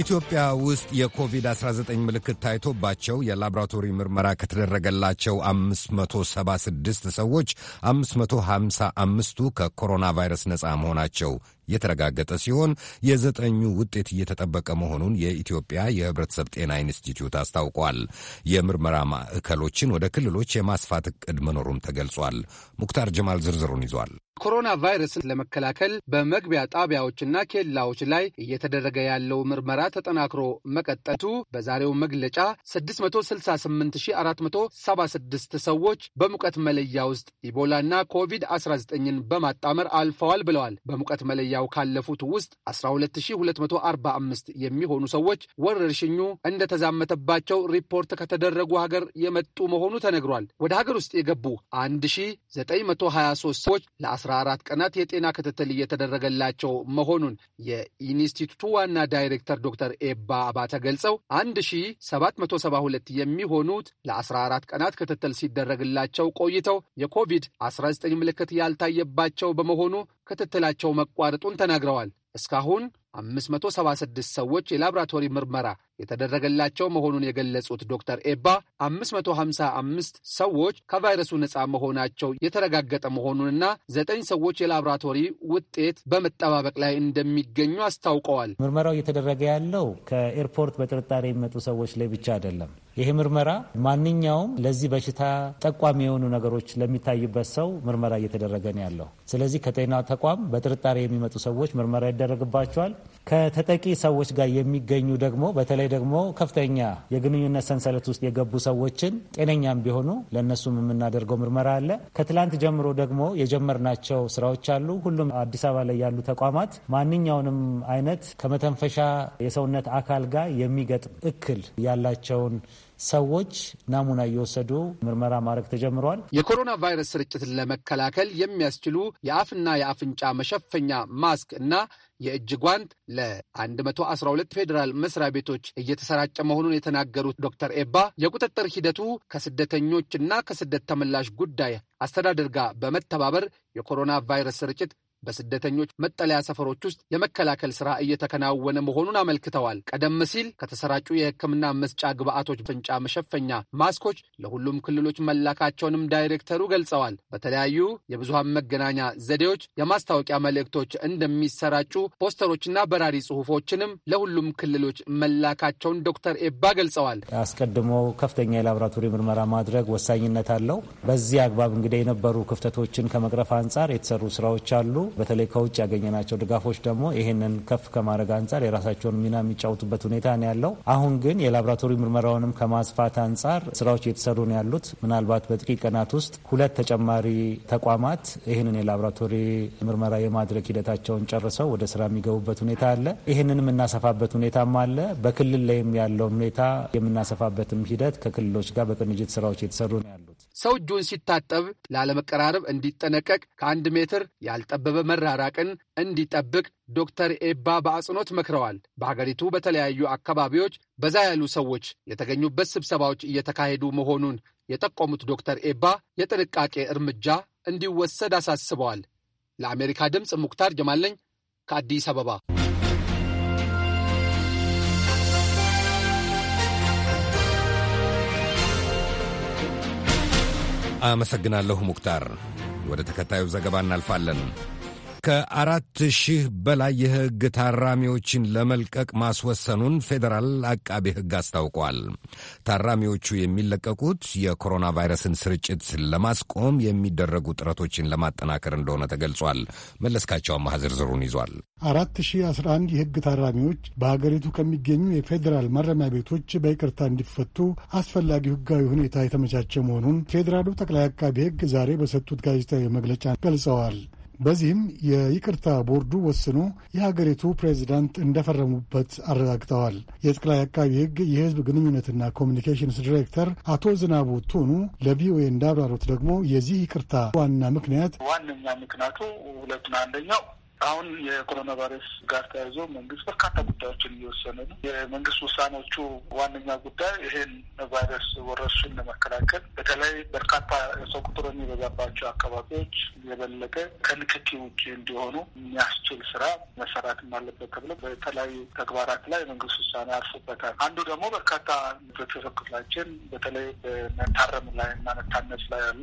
ኢትዮጵያ ውስጥ የኮቪድ-19 ምልክት ታይቶባቸው የላቦራቶሪ ምርመራ ከተደረገላቸው 576 ሰዎች 555ቱ ከኮሮና ቫይረስ ነፃ መሆናቸው የተረጋገጠ ሲሆን የዘጠኙ ውጤት እየተጠበቀ መሆኑን የኢትዮጵያ የሕብረተሰብ ጤና ኢንስቲትዩት አስታውቋል። የምርመራ ማዕከሎችን ወደ ክልሎች የማስፋት ዕቅድ መኖሩም ተገልጿል። ሙክታር ጀማል ዝርዝሩን ይዟል። ኮሮና ቫይረስን ለመከላከል በመግቢያ ጣቢያዎችና ኬላዎች ላይ እየተደረገ ያለው ምርመራ ተጠናክሮ መቀጠቱ በዛሬው መግለጫ 668476 ሰዎች በሙቀት መለያ ውስጥ ኢቦላና ኮቪድ-19ን በማጣመር አልፈዋል ብለዋል። በሙቀት መለያው ካለፉት ውስጥ 12245 የሚሆኑ ሰዎች ወረርሽኙ እንደተዛመተባቸው ሪፖርት ከተደረጉ ሀገር የመጡ መሆኑ ተነግሯል። ወደ ሀገር ውስጥ የገቡ 1923 ሰዎች ለ 14 ቀናት የጤና ክትትል እየተደረገላቸው መሆኑን የኢንስቲቱቱ ዋና ዳይሬክተር ዶክተር ኤባ አባተ ገልጸው 1772 የሚሆኑት ለ14 ቀናት ክትትል ሲደረግላቸው ቆይተው የኮቪድ-19 ምልክት ያልታየባቸው በመሆኑ ክትትላቸው መቋረጡን ተናግረዋል። እስካሁን 576 ሰዎች የላብራቶሪ ምርመራ የተደረገላቸው መሆኑን የገለጹት ዶክተር ኤባ 555 ሰዎች ከቫይረሱ ነፃ መሆናቸው የተረጋገጠ መሆኑንና ዘጠኝ ሰዎች የላብራቶሪ ውጤት በመጠባበቅ ላይ እንደሚገኙ አስታውቀዋል። ምርመራው እየተደረገ ያለው ከኤርፖርት በጥርጣሬ የሚመጡ ሰዎች ላይ ብቻ አይደለም። ይሄ ምርመራ ማንኛውም ለዚህ በሽታ ጠቋሚ የሆኑ ነገሮች ለሚታይበት ሰው ምርመራ እየተደረገ ነው ያለው። ስለዚህ ከጤና ተቋም በጥርጣሬ የሚመጡ ሰዎች ምርመራ ይደረግባቸዋል። ከተጠቂ ሰዎች ጋር የሚገኙ ደግሞ በተለይ ደግሞ ከፍተኛ የግንኙነት ሰንሰለት ውስጥ የገቡ ሰዎችን ጤነኛም ቢሆኑ ለእነሱም የምናደርገው ምርመራ አለ። ከትላንት ጀምሮ ደግሞ የጀመርናቸው ስራዎች አሉ። ሁሉም አዲስ አበባ ላይ ያሉ ተቋማት ማንኛውንም አይነት ከመተንፈሻ የሰውነት አካል ጋር የሚገጥም እክል ያላቸውን ሰዎች ናሙና እየወሰዱ ምርመራ ማድረግ ተጀምረዋል። የኮሮና ቫይረስ ስርጭትን ለመከላከል የሚያስችሉ የአፍና የአፍንጫ መሸፈኛ ማስክ እና የእጅ ጓንት ለ112 ፌዴራል መስሪያ ቤቶች እየተሰራጨ መሆኑን የተናገሩት ዶክተር ኤባ የቁጥጥር ሂደቱ ከስደተኞችና ከስደት ተመላሽ ጉዳይ አስተዳደር ጋር በመተባበር የኮሮና ቫይረስ ስርጭት በስደተኞች መጠለያ ሰፈሮች ውስጥ የመከላከል ስራ እየተከናወነ መሆኑን አመልክተዋል። ቀደም ሲል ከተሰራጩ የሕክምና መስጫ ግብአቶች ፍንጫ መሸፈኛ ማስኮች ለሁሉም ክልሎች መላካቸውንም ዳይሬክተሩ ገልጸዋል። በተለያዩ የብዙሃን መገናኛ ዘዴዎች የማስታወቂያ መልእክቶች እንደሚሰራጩ ፖስተሮችና በራሪ ጽሁፎችንም ለሁሉም ክልሎች መላካቸውን ዶክተር ኤባ ገልጸዋል። አስቀድሞ ከፍተኛ የላቦራቶሪ ምርመራ ማድረግ ወሳኝነት አለው። በዚህ አግባብ እንግዲህ የነበሩ ክፍተቶችን ከመቅረፍ አንጻር የተሰሩ ስራዎች አሉ። በተለይ ከውጭ ያገኘናቸው ድጋፎች ደግሞ ይህንን ከፍ ከማድረግ አንጻር የራሳቸውን ሚና የሚጫወቱበት ሁኔታ ነው ያለው። አሁን ግን የላቦራቶሪ ምርመራውንም ከማስፋት አንጻር ስራዎች እየተሰሩ ነው ያሉት። ምናልባት በጥቂት ቀናት ውስጥ ሁለት ተጨማሪ ተቋማት ይህንን የላቦራቶሪ ምርመራ የማድረግ ሂደታቸውን ጨርሰው ወደ ስራ የሚገቡበት ሁኔታ አለ። ይህንን የምናሰፋበት ሁኔታም አለ። በክልል ላይም ያለውን ሁኔታ የምናሰፋበትም ሂደት ከክልሎች ጋር በቅንጅት ስራዎች እየተሰሩ ነው ያሉ ሰው እጁን ሲታጠብ ላለመቀራረብ እንዲጠነቀቅ፣ ከአንድ ሜትር ያልጠበበ መራራቅን እንዲጠብቅ ዶክተር ኤባ በአጽንኦት መክረዋል። በሀገሪቱ በተለያዩ አካባቢዎች በዛ ያሉ ሰዎች የተገኙበት ስብሰባዎች እየተካሄዱ መሆኑን የጠቆሙት ዶክተር ኤባ የጥንቃቄ እርምጃ እንዲወሰድ አሳስበዋል። ለአሜሪካ ድምፅ ሙክታር ጀማል ነኝ ከአዲስ አበባ። አመሰግናለሁ ሙክታር። ወደ ተከታዩ ዘገባ እናልፋለን። ከአራት ሺህ በላይ የሕግ ታራሚዎችን ለመልቀቅ ማስወሰኑን ፌዴራል አቃቤ ሕግ አስታውቋል። ታራሚዎቹ የሚለቀቁት የኮሮና ቫይረስን ስርጭት ለማስቆም የሚደረጉ ጥረቶችን ለማጠናከር እንደሆነ ተገልጿል። መለስካቸው አማሃ ዝርዝሩን ይዟል። አራት ሺህ አስራ አንድ የሕግ ታራሚዎች በሀገሪቱ ከሚገኙ የፌዴራል ማረሚያ ቤቶች በይቅርታ እንዲፈቱ አስፈላጊው ሕጋዊ ሁኔታ የተመቻቸ መሆኑን ፌዴራሉ ጠቅላይ አቃቤ ሕግ ዛሬ በሰጡት ጋዜጣዊ መግለጫ ገልጸዋል። በዚህም የይቅርታ ቦርዱ ወስኖ የሀገሪቱ ፕሬዚዳንት እንደፈረሙበት አረጋግጠዋል። የጠቅላይ አቃቢ ሕግ የህዝብ ግንኙነትና ኮሚኒኬሽንስ ዲሬክተር አቶ ዝናቡ ቱኑ ለቪኦኤ እንዳብራሩት ደግሞ የዚህ ይቅርታ ዋና ምክንያት ዋነኛ ምክንያቱ ሁለቱን አንደኛው አሁን የኮሮና ቫይረስ ጋር ተያይዞ መንግስት በርካታ ጉዳዮችን እየወሰነ ነው። የመንግስት ውሳኔዎቹ ዋነኛ ጉዳይ ይሄን ቫይረስ ወረርሽኝ ለመከላከል በተለይ በርካታ የሰው ቁጥር የሚበዛባቸው አካባቢዎች የበለጠ ከንክኪ ውጭ እንዲሆኑ የሚያስችል ስራ መሰራትም አለበት ተብሎ በተለያዩ ተግባራት ላይ መንግስት ውሳኔ አርፎበታል። አንዱ ደግሞ በርካታ ቤተሰብ ክፍላችን በተለይ በመታረም ላይ እና መታነጽ ላይ ያሉ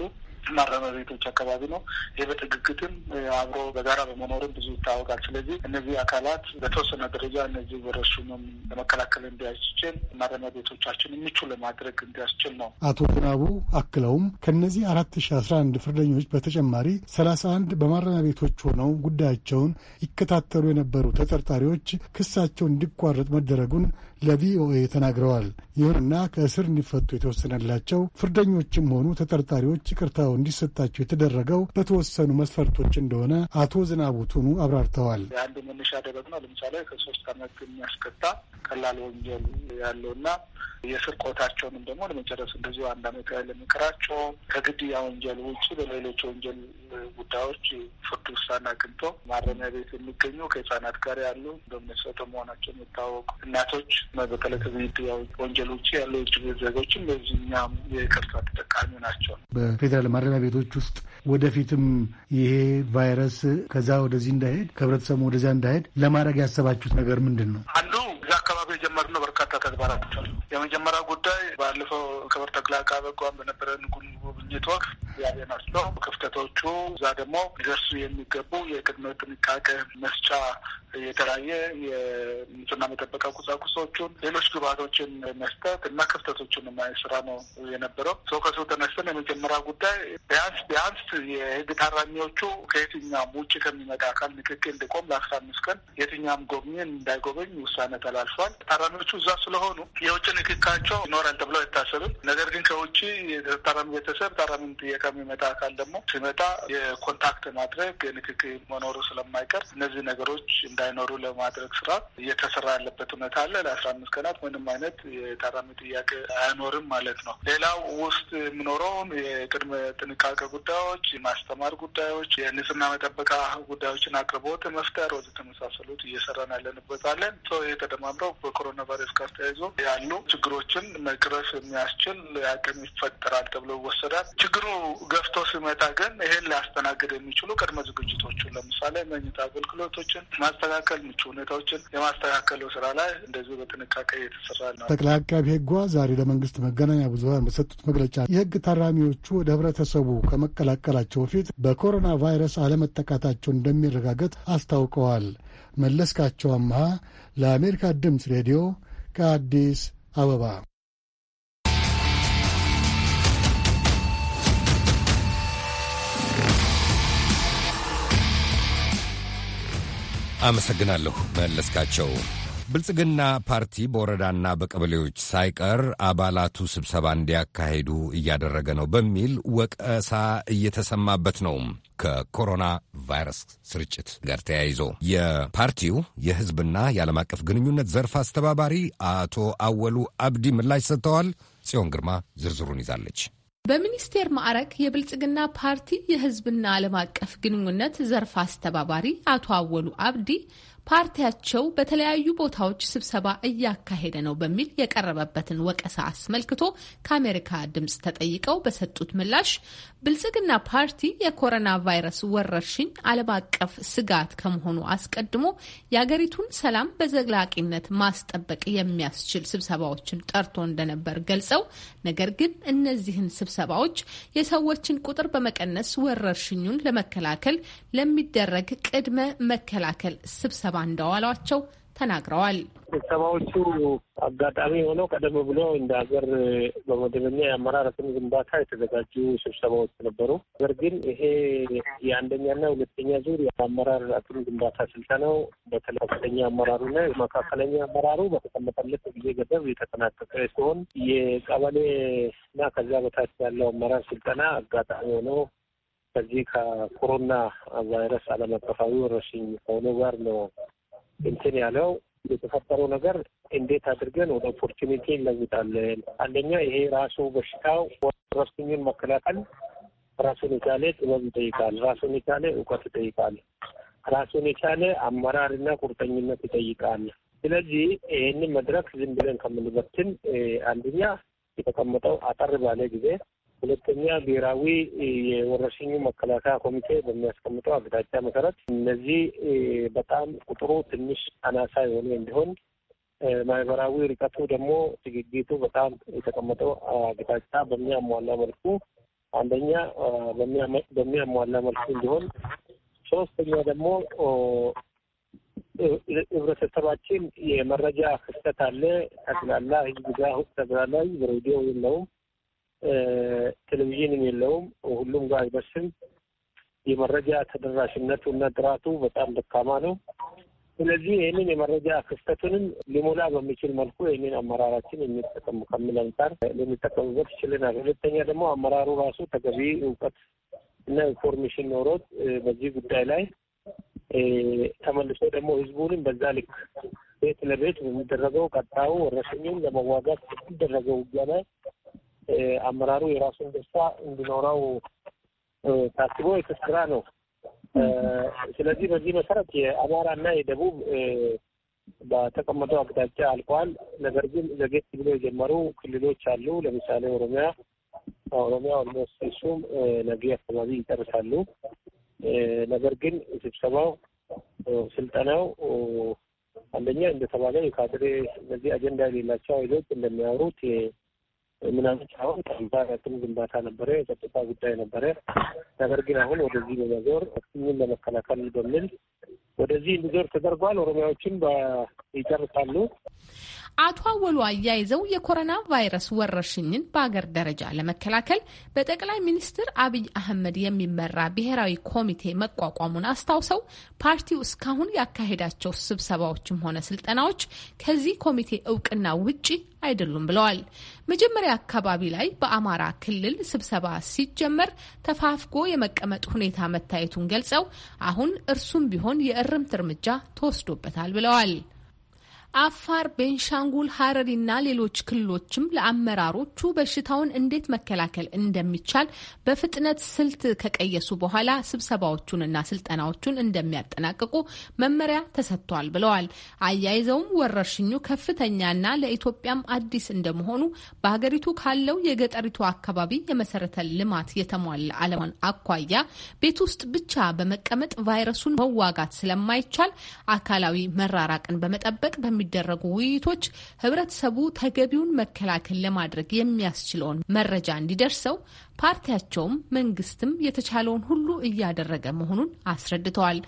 ማረሚያ ቤቶች አካባቢ ነው። ይህ በትግግትም አብሮ በጋራ በመኖርም ብዙ ይታወቃል። ስለዚህ እነዚህ አካላት በተወሰነ ደረጃ እነዚህ ወረርሽኙን ለመከላከል እንዲያስችል ማረሚያ ቤቶቻችን ምቹ ለማድረግ እንዲያስችል ነው። አቶ ዝናቡ አክለውም ከእነዚህ አራት ሺ አስራ አንድ ፍርደኞች በተጨማሪ ሰላሳ አንድ በማረሚያ ቤቶች ሆነው ጉዳያቸውን ይከታተሉ የነበሩ ተጠርጣሪዎች ክሳቸው እንዲቋረጥ መደረጉን ለቪኦኤ ተናግረዋል። ይሁንና ከእስር እንዲፈቱ የተወሰነላቸው ፍርደኞችም ሆኑ ተጠርጣሪዎች ይቅርታው እንዲሰጣቸው የተደረገው በተወሰኑ መስፈርቶች እንደሆነ አቶ ዝናቡ ቱኑ አብራርተዋል። አንድ መነሻ ደረግ ነው ለምሳሌ ከሶስት አመት የሚያስቀጣ ቀላል ወንጀል ያለውና የስር ቆታቸውንም ደግሞ ለመጨረስ እንደዚሁ አንድ አመት ያለ ምክራቸው ከግድያ ወንጀል ውጭ በሌሎች ወንጀል ጉዳዮች ፍርድ ውሳኔ አግኝቶ ማረሚያ ቤት የሚገኙ ከህጻናት ጋር ያሉ በሚሰጡ መሆናቸው የሚታወቁ እናቶች እና በበቀለ ከዚህ ወንጀል ውጭ ያሉ የውጭ ዜጎችም በዚህኛም የይቅርታ ተጠቃሚ ናቸው። በፌዴራል ማረሚያ ቤቶች ውስጥ ወደፊትም ይሄ ቫይረስ ከዛ ወደዚህ እንዳይሄድ ከህብረተሰቡ ወደዚያ እንዳይሄድ ለማድረግ ያሰባችሁት ነገር ምንድን ነው? አንዱ እዛ አካባቢ የጀመርነው በርካታ ተግባራት አሉ። የመጀመሪያው ጉዳይ ባለፈው ክብር ጠቅላይ አቃቤ በነበረ በነበረን ጉብኝት ወቅት ያለ መስሎ ክፍተቶቹ እዛ ደግሞ ሊደርሱ የሚገቡ የቅድመ ጥንቃቄ መስጫ የተለያየ የንጽህና መጠበቂያ ቁሳቁሶቹን፣ ሌሎች ግብዓቶችን መስጠት እና ክፍተቶችን የማየት ስራ ነው የነበረው። ሰው ከሰው ተነስተን የመጀመሪያ ጉዳይ ቢያንስ ቢያንስ የህግ ታራሚዎቹ ከየትኛም ውጭ ከሚመጣ አካል ንክክል እንዲቆም ለአስራ አምስት ቀን የትኛም ጎብኝ እንዳይጎበኝ ውሳኔ ተላልፏል። ታራሚዎቹ እዛ ስለሆኑ የውጭ ንክካቸው ይኖራል ተብሎ አይታሰብም። ነገር ግን ከውጭ ታራሚ ቤተሰብ ታራሚን ጥየቃ ከሚመጣ አካል ደግሞ ሲመጣ የኮንታክት ማድረግ የንክክ መኖሩ ስለማይቀር እነዚህ ነገሮች እንዳይኖሩ ለማድረግ ስራ እየተሰራ ያለበት ሁኔታ አለ። ለአስራ አምስት ቀናት ምንም አይነት የታራሚ ጥያቄ አይኖርም ማለት ነው። ሌላው ውስጥ የምኖረውም የቅድመ ጥንቃቄ ጉዳዮች፣ የማስተማር ጉዳዮች፣ የንጽህና መጠበቃ ጉዳዮችን አቅርቦት መፍጠር ወደ ተመሳሰሉት እየሰራን ያለንበት አለን። ይህ ተደማምረው በኮሮና ቫይረስ ጋር ተያይዞ ያሉ ችግሮችን መቅረፍ የሚያስችል አቅም ይፈጠራል ተብሎ ይወሰዳል። ችግሩ ገፍቶ ሲመጣ ግን ይሄን ሊያስተናግድ የሚችሉ ቅድመ ዝግጅቶችን ለምሳሌ መኝታ አገልግሎቶችን ማስተካከል፣ ምቹ ሁኔታዎችን የማስተካከሉ ስራ ላይ እንደዚሁ በጥንቃቄ እየተሰራ ነው። ጠቅላይ አቃቢ ሕጓ ዛሬ ለመንግስት መገናኛ ብዙሀን በሰጡት መግለጫ የህግ ታራሚዎቹ ወደ ህብረተሰቡ ከመቀላቀላቸው በፊት በኮሮና ቫይረስ አለመጠቃታቸው እንደሚረጋገጥ አስታውቀዋል። መለስካቸው አምሃ ለአሜሪካ ድምፅ ሬዲዮ ከአዲስ አበባ አመሰግናለሁ መለስካቸው። ብልጽግና ፓርቲ በወረዳና በቀበሌዎች ሳይቀር አባላቱ ስብሰባ እንዲያካሄዱ እያደረገ ነው በሚል ወቀሳ እየተሰማበት ነው። ከኮሮና ቫይረስ ስርጭት ጋር ተያይዞ የፓርቲው የሕዝብና የዓለም አቀፍ ግንኙነት ዘርፍ አስተባባሪ አቶ አወሉ አብዲ ምላሽ ሰጥተዋል። ጽዮን ግርማ ዝርዝሩን ይዛለች። በሚኒስቴር ማዕረግ የብልጽግና ፓርቲ የህዝብና ዓለም አቀፍ ግንኙነት ዘርፍ አስተባባሪ አቶ አወሉ አብዲ ፓርቲያቸው በተለያዩ ቦታዎች ስብሰባ እያካሄደ ነው በሚል የቀረበበትን ወቀሳ አስመልክቶ ከአሜሪካ ድምፅ ተጠይቀው በሰጡት ምላሽ ብልጽግና ፓርቲ የኮሮና ቫይረስ ወረርሽኝ ዓለም አቀፍ ስጋት ከመሆኑ አስቀድሞ የአገሪቱን ሰላም በዘላቂነት ማስጠበቅ የሚያስችል ስብሰባዎችን ጠርቶ እንደነበር ገልጸው፣ ነገር ግን እነዚህን ስብሰባዎች የሰዎችን ቁጥር በመቀነስ ወረርሽኙን ለመከላከል ለሚደረግ ቅድመ መከላከል ስብሰባ ስብሰባ እንዳዋሏቸው ተናግረዋል። ስብሰባዎቹ አጋጣሚ የሆነው ቀደም ብሎ እንደ ሀገር በመደበኛ የአመራር አቅም ግንባታ የተዘጋጁ ስብሰባዎች ነበሩ። ነገር ግን ይሄ የአንደኛና ሁለተኛ ዙር የአመራር አቅም ግንባታ ስልጠናው በተለይ ከፍተኛ አመራሩና መካከለኛ አመራሩ በተቀመጠለት ጊዜ ገደብ የተጠናቀቀ ሲሆን የቀበሌና ከዚያ በታች ያለው አመራር ስልጠና አጋጣሚ ሆኖ ከዚህ ከኮሮና ቫይረስ ዓለም አቀፋዊ ወረርሽኝ ከሆነ ጋር ነው እንትን ያለው የተፈጠረው ነገር እንዴት አድርገን ወደ ኦፖርቹኒቲ እንለውጣለን። አንደኛ ይሄ ራሱ በሽታው ወረርሽኙን መከላከል ራሱን የቻለ ጥበብ ይጠይቃል። ራሱን የቻለ እውቀት ይጠይቃል። ራሱን የቻለ አመራርና ቁርጠኝነት ይጠይቃል። ስለዚህ ይህንን መድረክ ዝም ብለን ከምንበትን አንደኛ የተቀመጠው አጠር ባለ ጊዜ ሁለተኛ ብሔራዊ የወረርሽኙ መከላከያ ኮሚቴ በሚያስቀምጠው አቅጣጫ መሰረት እነዚህ በጣም ቁጥሩ ትንሽ አናሳ የሆነ እንዲሆን ማህበራዊ ርቀቱ ደግሞ ዝግጅቱ በጣም የተቀመጠው አቅጣጫ በሚያሟላ መልኩ አንደኛ በሚያሟላ መልኩ እንዲሆን፣ ሶስተኛ ደግሞ ህብረተሰባችን የመረጃ ክስተት አለ። ጠቅላላ ህዝብ ጋር ጠቅላላ ሬዲዮ የለውም ቴሌቪዥንም የለውም። ሁሉም ጋር አይደርስም። የመረጃ ተደራሽነቱ እና ጥራቱ በጣም ደካማ ነው። ስለዚህ ይህንን የመረጃ ክፍተቱንም ሊሞላ በሚችል መልኩ ይህንን አመራራችን የሚጠቀሙ ከሚል አንጻር ልንጠቀሙበት ይችልናል። ሁለተኛ ደግሞ አመራሩ ራሱ ተገቢ እውቀት እና ኢንፎርሜሽን ኖሮት በዚህ ጉዳይ ላይ ተመልሶ ደግሞ ህዝቡንም በዛ ልክ ቤት ለቤት በሚደረገው ቀጣዩ ወረሽኙን ለመዋጋት የሚደረገው ውጊያ ላይ አመራሩ የራሱን ደስታ እንዲኖረው ታስቦ የተሰራ ነው። ስለዚህ በዚህ መሰረት የአማራ ና የደቡብ በተቀመጠው አቅጣጫ አልቋል። ነገር ግን ዘጌት ብሎ የጀመሩ ክልሎች አሉ። ለምሳሌ ኦሮሚያ ኦሮሚያ ኦልሞስት እሱም ነገ አካባቢ ይጨርሳሉ። ነገር ግን ስብሰባው፣ ስልጠናው አንደኛ እንደተባለ የካድሬ እነዚህ አጀንዳ የሌላቸው ኃይሎች እንደሚያወሩት ምናምን አሁን ከአምባራትን ግንባታ ነበረ፣ የጸጥታ ጉዳይ ነበረ። ነገር ግን አሁን ወደዚህ በመዞር እሱን ለመከላከል በሚል ወደዚህ እንዲዞር ተደርጓል። ኦሮሚያዎችን ይጨርሳሉ። አቶ አወሉ አያይዘው የኮሮና ቫይረስ ወረርሽኝን በአገር ደረጃ ለመከላከል በጠቅላይ ሚኒስትር አብይ አህመድ የሚመራ ብሔራዊ ኮሚቴ መቋቋሙን አስታውሰው ፓርቲው እስካሁን ያካሄዳቸው ስብሰባዎችም ሆነ ስልጠናዎች ከዚህ ኮሚቴ እውቅና ውጪ አይደሉም ብለዋል። መጀመሪያ አካባቢ ላይ በአማራ ክልል ስብሰባ ሲጀመር ተፋፍጎ የመቀመጥ ሁኔታ መታየቱን ገልጸው አሁን እርሱም ቢሆን የእርምት እርምጃ ተወስዶበታል ብለዋል። አፋር፣ ቤንሻንጉል፣ ሀረሪና ሌሎች ክልሎችም ለአመራሮቹ በሽታውን እንዴት መከላከል እንደሚቻል በፍጥነት ስልት ከቀየሱ በኋላ ስብሰባዎቹንና ስልጠናዎቹን እንደሚያጠናቅቁ መመሪያ ተሰጥቷል ብለዋል። አያይዘውም ወረርሽኙ ከፍተኛና ለኢትዮጵያም አዲስ እንደመሆኑ በሀገሪቱ ካለው የገጠሪቱ አካባቢ የመሰረተ ልማት የተሟላ አለመሆን አኳያ ቤት ውስጥ ብቻ በመቀመጥ ቫይረሱን መዋጋት ስለማይቻል አካላዊ መራራቅን በመጠበቅ በሚ በሚደረጉ ውይይቶች ህብረተሰቡ ተገቢውን መከላከል ለማድረግ የሚያስችለውን መረጃ እንዲደርሰው ፓርቲያቸውም መንግስትም የተቻለውን ሁሉ እያደረገ መሆኑን አስረድተዋል።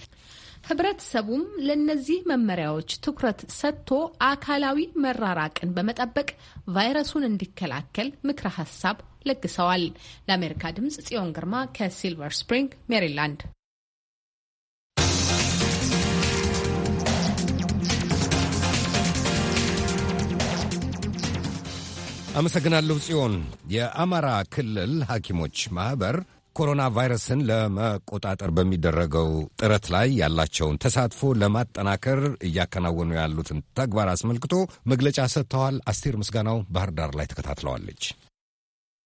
ህብረተሰቡም ለእነዚህ መመሪያዎች ትኩረት ሰጥቶ አካላዊ መራራቅን በመጠበቅ ቫይረሱን እንዲከላከል ምክረ ሀሳብ ለግሰዋል። ለአሜሪካ ድምጽ ጽዮን ግርማ ከሲልቨር ስፕሪንግ ሜሪላንድ አመሰግናለሁ ጽዮን። የአማራ ክልል ሐኪሞች ማኅበር ኮሮና ቫይረስን ለመቆጣጠር በሚደረገው ጥረት ላይ ያላቸውን ተሳትፎ ለማጠናከር እያከናወኑ ያሉትን ተግባር አስመልክቶ መግለጫ ሰጥተዋል። አስቴር ምስጋናው ባህር ዳር ላይ ተከታትለዋለች።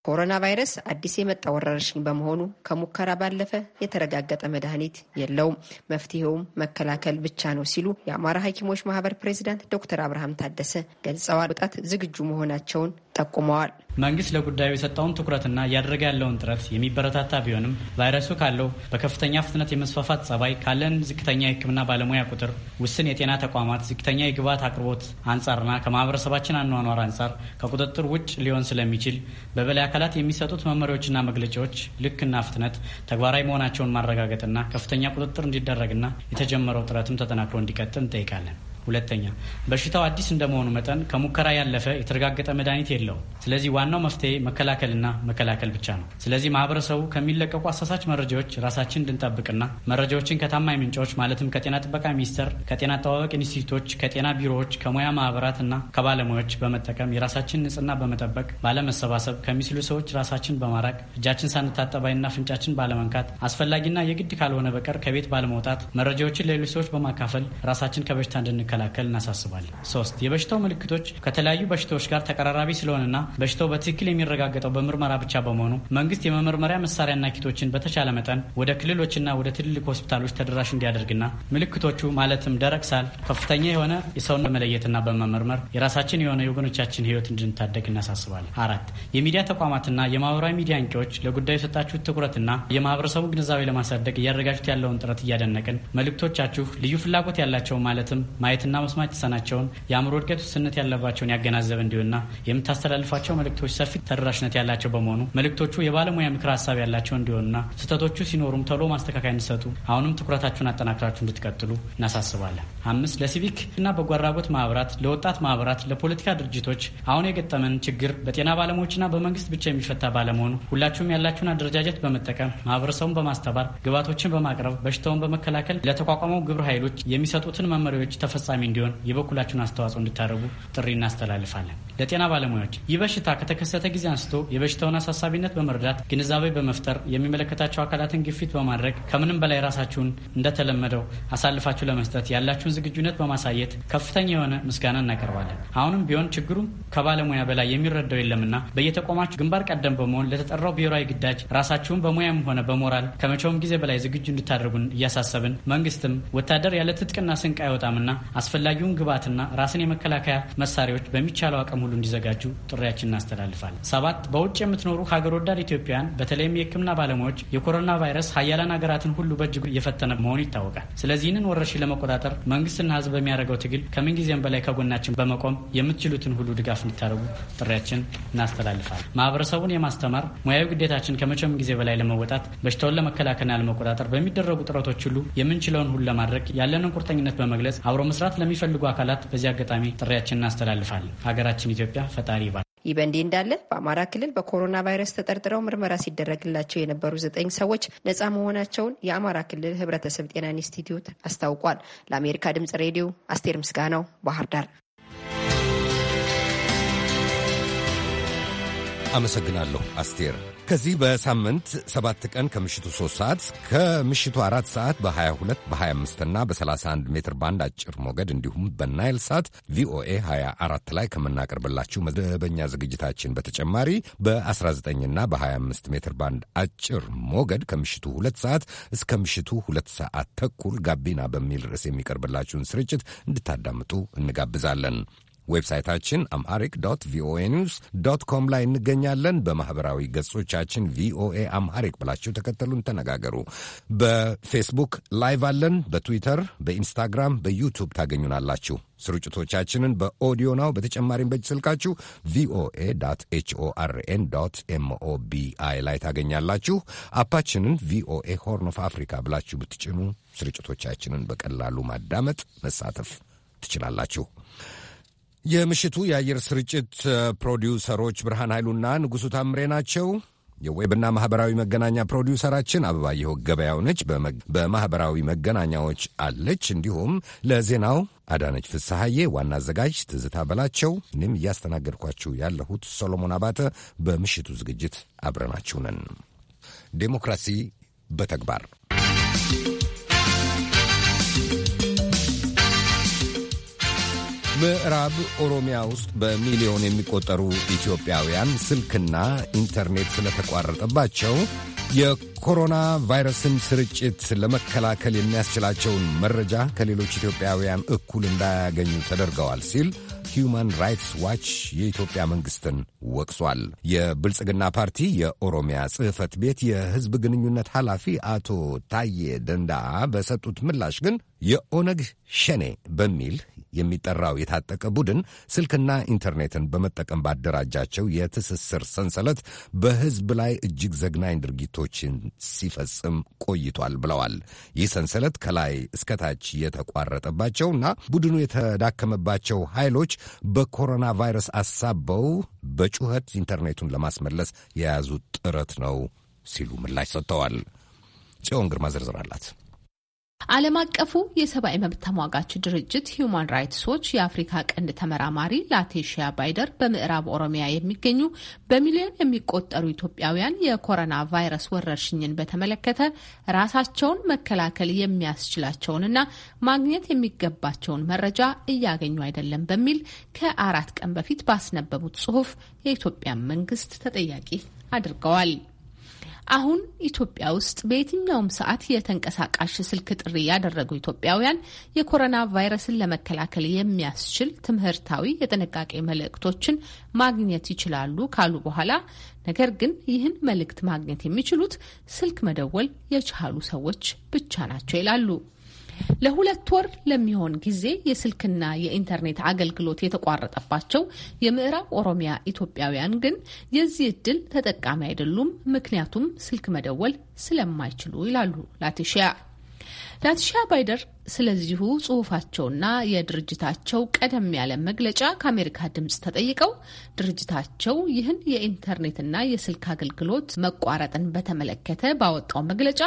ኮሮና ቫይረስ አዲስ የመጣ ወረርሽኝ በመሆኑ ከሙከራ ባለፈ የተረጋገጠ መድኃኒት የለውም፣ መፍትሄውም መከላከል ብቻ ነው ሲሉ የአማራ ሐኪሞች ማህበር ፕሬዚዳንት ዶክተር አብርሃም ታደሰ ገልጸዋል። ወጣት ዝግጁ መሆናቸውን ጠቁመዋል። መንግስት ለጉዳዩ የሰጠውን ትኩረትና እያደረገ ያለውን ጥረት የሚበረታታ ቢሆንም ቫይረሱ ካለው በከፍተኛ ፍጥነት የመስፋፋት ጸባይ ካለን ዝቅተኛ የሕክምና ባለሙያ ቁጥር፣ ውስን የጤና ተቋማት፣ ዝቅተኛ የግብዓት አቅርቦት አንጻርና ከማህበረሰባችን አኗኗር አንጻር ከቁጥጥር ውጭ ሊሆን ስለሚችል በበላይ አካላት የሚሰጡት መመሪያዎችና መግለጫዎች ልክና ፍጥነት ተግባራዊ መሆናቸውን ማረጋገጥና ከፍተኛ ቁጥጥር እንዲደረግና የተጀመረው ጥረትም ተጠናክሮ እንዲቀጥል እንጠይቃለን። ሁለተኛ በሽታው አዲስ እንደመሆኑ መጠን ከሙከራ ያለፈ የተረጋገጠ መድኃኒት የለውም። ስለዚህ ዋናው መፍትሄ መከላከልና መከላከል ብቻ ነው። ስለዚህ ማህበረሰቡ ከሚለቀቁ አሳሳች መረጃዎች ራሳችን እንድንጠብቅና መረጃዎችን ከታማኝ ምንጮች ማለትም ከጤና ጥበቃ ሚኒስቴር፣ ከጤና አጠባበቅ ኢንስቲትዩቶች፣ ከጤና ቢሮዎች፣ ከሙያ ማህበራት እና ከባለሙያዎች በመጠቀም የራሳችን ንጽህና በመጠበቅ ባለመሰባሰብ፣ ከሚስሉ ሰዎች ራሳችን በማራቅ እጃችን ሳንታጠባይና ፍንጫችን ባለመንካት አስፈላጊና የግድ ካልሆነ በቀር ከቤት ባለመውጣት መረጃዎችን ለሌሎች ሰዎች በማካፈል ራሳችን ከበሽታ እንድንከ እንዲከላከል እናሳስባለን። ሶስት የበሽታው ምልክቶች ከተለያዩ በሽታዎች ጋር ተቀራራቢ ስለሆነና በሽታው በትክክል የሚረጋገጠው በምርመራ ብቻ በመሆኑ መንግስት የመመርመሪያ መሳሪያና ኪቶችን በተቻለ መጠን ወደ ክልሎችና ወደ ትልልቅ ሆስፒታሎች ተደራሽ እንዲያደርግና ምልክቶቹ ማለትም ደረቅ ሳል፣ ከፍተኛ የሆነ የሰውን በመለየትና በመመርመር የራሳችን የሆነ የወገኖቻችን ህይወት እንድንታደግ እናሳስባለን። አራት የሚዲያ ተቋማትና የማህበራዊ ሚዲያ አንቂዎች ለጉዳዩ የሰጣችሁት ትኩረትና የማህበረሰቡ ግንዛቤ ለማሳደግ እያደረጋችሁት ያለውን ጥረት እያደነቅን መልእክቶቻችሁ ልዩ ፍላጎት ያላቸው ማለትም ማየት ማየትና መስማት የተሳናቸውን የአእምሮ እድገት ውስንነት ያለባቸውን ያገናዘበ እንዲሆንና የምታስተላልፋቸው መልእክቶች ሰፊ ተደራሽነት ያላቸው በመሆኑ መልእክቶቹ የባለሙያ ምክር ሀሳብ ያላቸው እንዲሆንና ስህተቶቹ ሲኖሩም ተሎ ማስተካከያ እንዲሰጡ አሁንም ትኩረታችሁን አጠናክራችሁ እንድትቀጥሉ እናሳስባለን። አምስት ለሲቪክ እና በጎ አድራጎት ማህበራት፣ ለወጣት ማህበራት፣ ለፖለቲካ ድርጅቶች አሁን የገጠመን ችግር በጤና ባለሙያዎችና በመንግስት ብቻ የሚፈታ ባለመሆኑ ሁላችሁም ያላችሁን አደረጃጀት በመጠቀም ማህበረሰቡን በማስተባር ግባቶችን በማቅረብ በሽታውን በመከላከል ለተቋቋመው ግብረ ኃይሎች የሚሰጡትን መመሪያዎች ተፈጻሚ ተፈጻሚ እንዲሆን የበኩላችሁን አስተዋጽኦ እንድታደርጉ ጥሪ እናስተላልፋለን። ለጤና ባለሙያዎች ይህ በሽታ ከተከሰተ ጊዜ አንስቶ የበሽታውን አሳሳቢነት በመረዳት ግንዛቤ በመፍጠር የሚመለከታቸው አካላትን ግፊት በማድረግ ከምንም በላይ ራሳችሁን እንደተለመደው አሳልፋችሁ ለመስጠት ያላችሁን ዝግጁነት በማሳየት ከፍተኛ የሆነ ምስጋና እናቀርባለን። አሁንም ቢሆን ችግሩ ከባለሙያ በላይ የሚረዳው የለምና በየተቋማችሁ ግንባር ቀደም በመሆን ለተጠራው ብሔራዊ ግዳጅ ራሳችሁን በሙያም ሆነ በሞራል ከመቼውም ጊዜ በላይ ዝግጁ እንድታደርጉን እያሳሰብን መንግስትም ወታደር ያለ ትጥቅና ስንቅ አይወጣምና አስፈላጊውን ግብዓትና ራስን የመከላከያ መሳሪያዎች በሚቻለው አቅም ሁሉ እንዲዘጋጁ ጥሪያችን እናስተላልፋል። ሰባት በውጭ የምትኖሩ ሀገር ወዳድ ኢትዮጵያውያን በተለይም የሕክምና ባለሙያዎች የኮሮና ቫይረስ ሀያላን ሀገራትን ሁሉ በእጅጉ እየፈተነ መሆኑ ይታወቃል። ስለዚህ ይህንን ወረርሽኝ ለመቆጣጠር መንግስትና ህዝብ በሚያደርገው ትግል ከምንጊዜም በላይ ከጎናችን በመቆም የምትችሉትን ሁሉ ድጋፍ እንዲታደርጉ ጥሪያችን እናስተላልፋል። ማህበረሰቡን የማስተማር ሙያዊ ግዴታችን ከመቼም ጊዜ በላይ ለመወጣት በሽታውን ለመከላከልና ለመቆጣጠር በሚደረጉ ጥረቶች ሁሉ የምንችለውን ሁሉ ለማድረግ ያለንን ቁርጠኝነት በመግለጽ አብሮ መስራት መሳተፍ ለሚፈልጉ አካላት በዚህ አጋጣሚ ጥሪያችን እናስተላልፋለን። ሀገራችን ኢትዮጵያ ፈጣሪ ይባል። ይህ በእንዲህ እንዳለ በአማራ ክልል በኮሮና ቫይረስ ተጠርጥረው ምርመራ ሲደረግላቸው የነበሩ ዘጠኝ ሰዎች ነፃ መሆናቸውን የአማራ ክልል ሕብረተሰብ ጤና ኢንስቲትዩት አስታውቋል። ለአሜሪካ ድምጽ ሬዲዮ አስቴር ምስጋናው ባህር ዳር። አመሰግናለሁ አስቴር። ከዚህ በሳምንት ሰባት ቀን ከምሽቱ 3 ሰዓት ከምሽቱ አራት ሰዓት በ22 በ25 እና በ31 ሜትር ባንድ አጭር ሞገድ እንዲሁም በናይል ሳት ቪኦኤ 24 ላይ ከምናቀርብላችሁ መደበኛ ዝግጅታችን በተጨማሪ በ19 እና በ25 ሜትር ባንድ አጭር ሞገድ ከምሽቱ 2 ሰዓት እስከ ምሽቱ ሁለት ሰዓት ተኩል ጋቢና በሚል ርዕስ የሚቀርብላችሁን ስርጭት እንድታዳምጡ እንጋብዛለን። ዌብሳይታችን አምሃሪክ ዶት ቪኦኤ ኒውስ ዶት ኮም ላይ እንገኛለን። በማኅበራዊ ገጾቻችን ቪኦኤ አምሃሪክ ብላችሁ ተከተሉን፣ ተነጋገሩ። በፌስቡክ ላይቭ አለን። በትዊተር፣ በኢንስታግራም፣ በዩቱብ ታገኙናላችሁ። ስርጭቶቻችንን በኦዲዮ ናው፣ በተጨማሪም በእጅ ስልካችሁ ቪኦኤ ኤችኦአርኤን ኤምኦቢአይ ላይ ታገኛላችሁ። አፓችንን ቪኦኤ ሆርን ኦፍ አፍሪካ ብላችሁ ብትጭኑ ስርጭቶቻችንን በቀላሉ ማዳመጥ፣ መሳተፍ ትችላላችሁ። የምሽቱ የአየር ስርጭት ፕሮዲውሰሮች ብርሃን ኃይሉና ንጉሡ ታምሬ ናቸው። የዌብና ማህበራዊ መገናኛ ፕሮዲውሰራችን አበባየሁ ገበያው ነች። በማህበራዊ መገናኛዎች አለች። እንዲሁም ለዜናው አዳነች ፍስሐዬ፣ ዋና አዘጋጅ ትዝታ በላቸው፣ እኔም እያስተናገድኳችሁ ያለሁት ሶሎሞን አባተ። በምሽቱ ዝግጅት አብረናችሁ ነን። ዴሞክራሲ በተግባር ምዕራብ ኦሮሚያ ውስጥ በሚሊዮን የሚቆጠሩ ኢትዮጵያውያን ስልክና ኢንተርኔት ስለተቋረጠባቸው የኮሮና ቫይረስን ስርጭት ለመከላከል የሚያስችላቸውን መረጃ ከሌሎች ኢትዮጵያውያን እኩል እንዳያገኙ ተደርገዋል ሲል ሂዩማን ራይትስ ዋች የኢትዮጵያ መንግስትን ወቅሷል። የብልጽግና ፓርቲ የኦሮሚያ ጽሕፈት ቤት የሕዝብ ግንኙነት ኃላፊ አቶ ታዬ ደንዳ በሰጡት ምላሽ ግን የኦነግ ሸኔ በሚል የሚጠራው የታጠቀ ቡድን ስልክና ኢንተርኔትን በመጠቀም ባደራጃቸው የትስስር ሰንሰለት በሕዝብ ላይ እጅግ ዘግናኝ ድርጊቶችን ሲፈጽም ቆይቷል ብለዋል። ይህ ሰንሰለት ከላይ እስከታች ና ቡድኑ የተዳከመባቸው ኃይሎች በኮሮና ቫይረስ አሳበው በጩኸት ኢንተርኔቱን ለማስመለስ የያዙት ጥረት ነው ሲሉ ምላሽ ሰጥተዋል። ጽዮን ግርማ ዝርዝር አላት። ዓለም አቀፉ የሰብአዊ መብት ተሟጋች ድርጅት ሂዩማን ራይትስ ዎች የአፍሪካ ቀንድ ተመራማሪ ላቴሽያ ባይደር በምዕራብ ኦሮሚያ የሚገኙ በሚሊዮን የሚቆጠሩ ኢትዮጵያውያን የኮሮና ቫይረስ ወረርሽኝን በተመለከተ ራሳቸውን መከላከል የሚያስችላቸውንና ማግኘት የሚገባቸውን መረጃ እያገኙ አይደለም በሚል ከአራት ቀን በፊት ባስነበቡት ጽሁፍ የኢትዮጵያን መንግስት ተጠያቂ አድርገዋል። አሁን ኢትዮጵያ ውስጥ በየትኛውም ሰዓት የተንቀሳቃሽ ስልክ ጥሪ ያደረጉ ኢትዮጵያውያን የኮሮና ቫይረስን ለመከላከል የሚያስችል ትምህርታዊ የጥንቃቄ መልእክቶችን ማግኘት ይችላሉ ካሉ በኋላ ነገር ግን ይህን መልእክት ማግኘት የሚችሉት ስልክ መደወል የቻሉ ሰዎች ብቻ ናቸው ይላሉ። ለሁለት ወር ለሚሆን ጊዜ የስልክና የኢንተርኔት አገልግሎት የተቋረጠባቸው የምዕራብ ኦሮሚያ ኢትዮጵያውያን ግን የዚህ እድል ተጠቃሚ አይደሉም። ምክንያቱም ስልክ መደወል ስለማይችሉ ይላሉ ላቲሺያ ላቲሺያ ባይደር ስለዚሁ ጽሁፋቸውና የድርጅታቸው ቀደም ያለ መግለጫ ከአሜሪካ ድምጽ ተጠይቀው ድርጅታቸው ይህን የኢንተርኔትና የስልክ አገልግሎት መቋረጥን በተመለከተ ባወጣው መግለጫ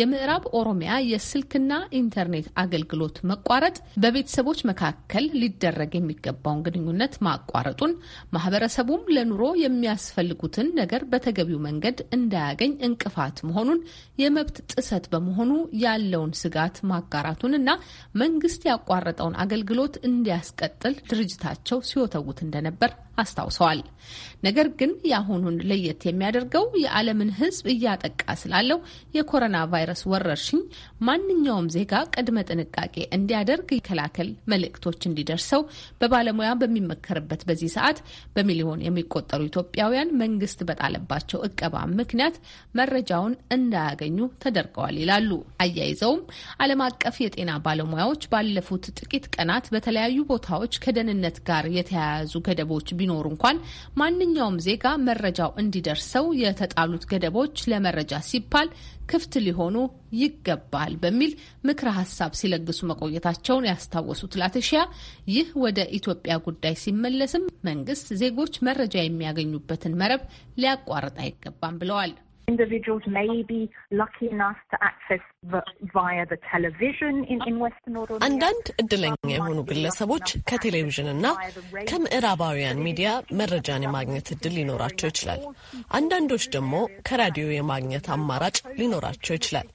የምዕራብ ኦሮሚያ የስልክና ኢንተርኔት አገልግሎት መቋረጥ በቤተሰቦች መካከል ሊደረግ የሚገባውን ግንኙነት ማቋረጡን፣ ማህበረሰቡም ለኑሮ የሚያስፈልጉትን ነገር በተገቢው መንገድ እንዳያገኝ እንቅፋት መሆኑን፣ የመብት ጥሰት በመሆኑ ያለውን ስጋት ማጋራቱን መሆኑንና መንግስት ያቋረጠውን አገልግሎት እንዲያስቀጥል ድርጅታቸው ሲወተውት እንደነበር አስታውሰዋል። ነገር ግን የአሁኑን ለየት የሚያደርገው የዓለምን ሕዝብ እያጠቃ ስላለው የኮሮና ቫይረስ ወረርሽኝ ማንኛውም ዜጋ ቅድመ ጥንቃቄ እንዲያደርግ ይከላከል መልእክቶች እንዲደርሰው በባለሙያ በሚመከርበት በዚህ ሰዓት በሚሊዮን የሚቆጠሩ ኢትዮጵያውያን መንግስት በጣለባቸው እቀባ ምክንያት መረጃውን እንዳያገኙ ተደርገዋል ይላሉ። አያይዘውም ዓለም አቀፍ የጤና ባለሙያዎች ባለፉት ጥቂት ቀናት በተለያዩ ቦታዎች ከደህንነት ጋር የተያያዙ ገደቦች ቢ ቢኖሩ እንኳን ማንኛውም ዜጋ መረጃው እንዲደርሰው የተጣሉት ገደቦች ለመረጃ ሲባል ክፍት ሊሆኑ ይገባል በሚል ምክረ ሀሳብ ሲለግሱ መቆየታቸውን ያስታወሱት ላተሺያ ይህ ወደ ኢትዮጵያ ጉዳይ ሲመለስም መንግስት ዜጎች መረጃ የሚያገኙበትን መረብ ሊያቋርጥ አይገባም ብለዋል። አንዳንድ እድለኛ የሆኑ ግለሰቦች ከቴሌቪዥንና ከምዕራባውያን ሚዲያ መረጃን የማግኘት እድል ሊኖራቸው ይችላል። አንዳንዶች ደግሞ ከራዲዮ የማግኘት አማራጭ ሊኖራቸው ይችላል።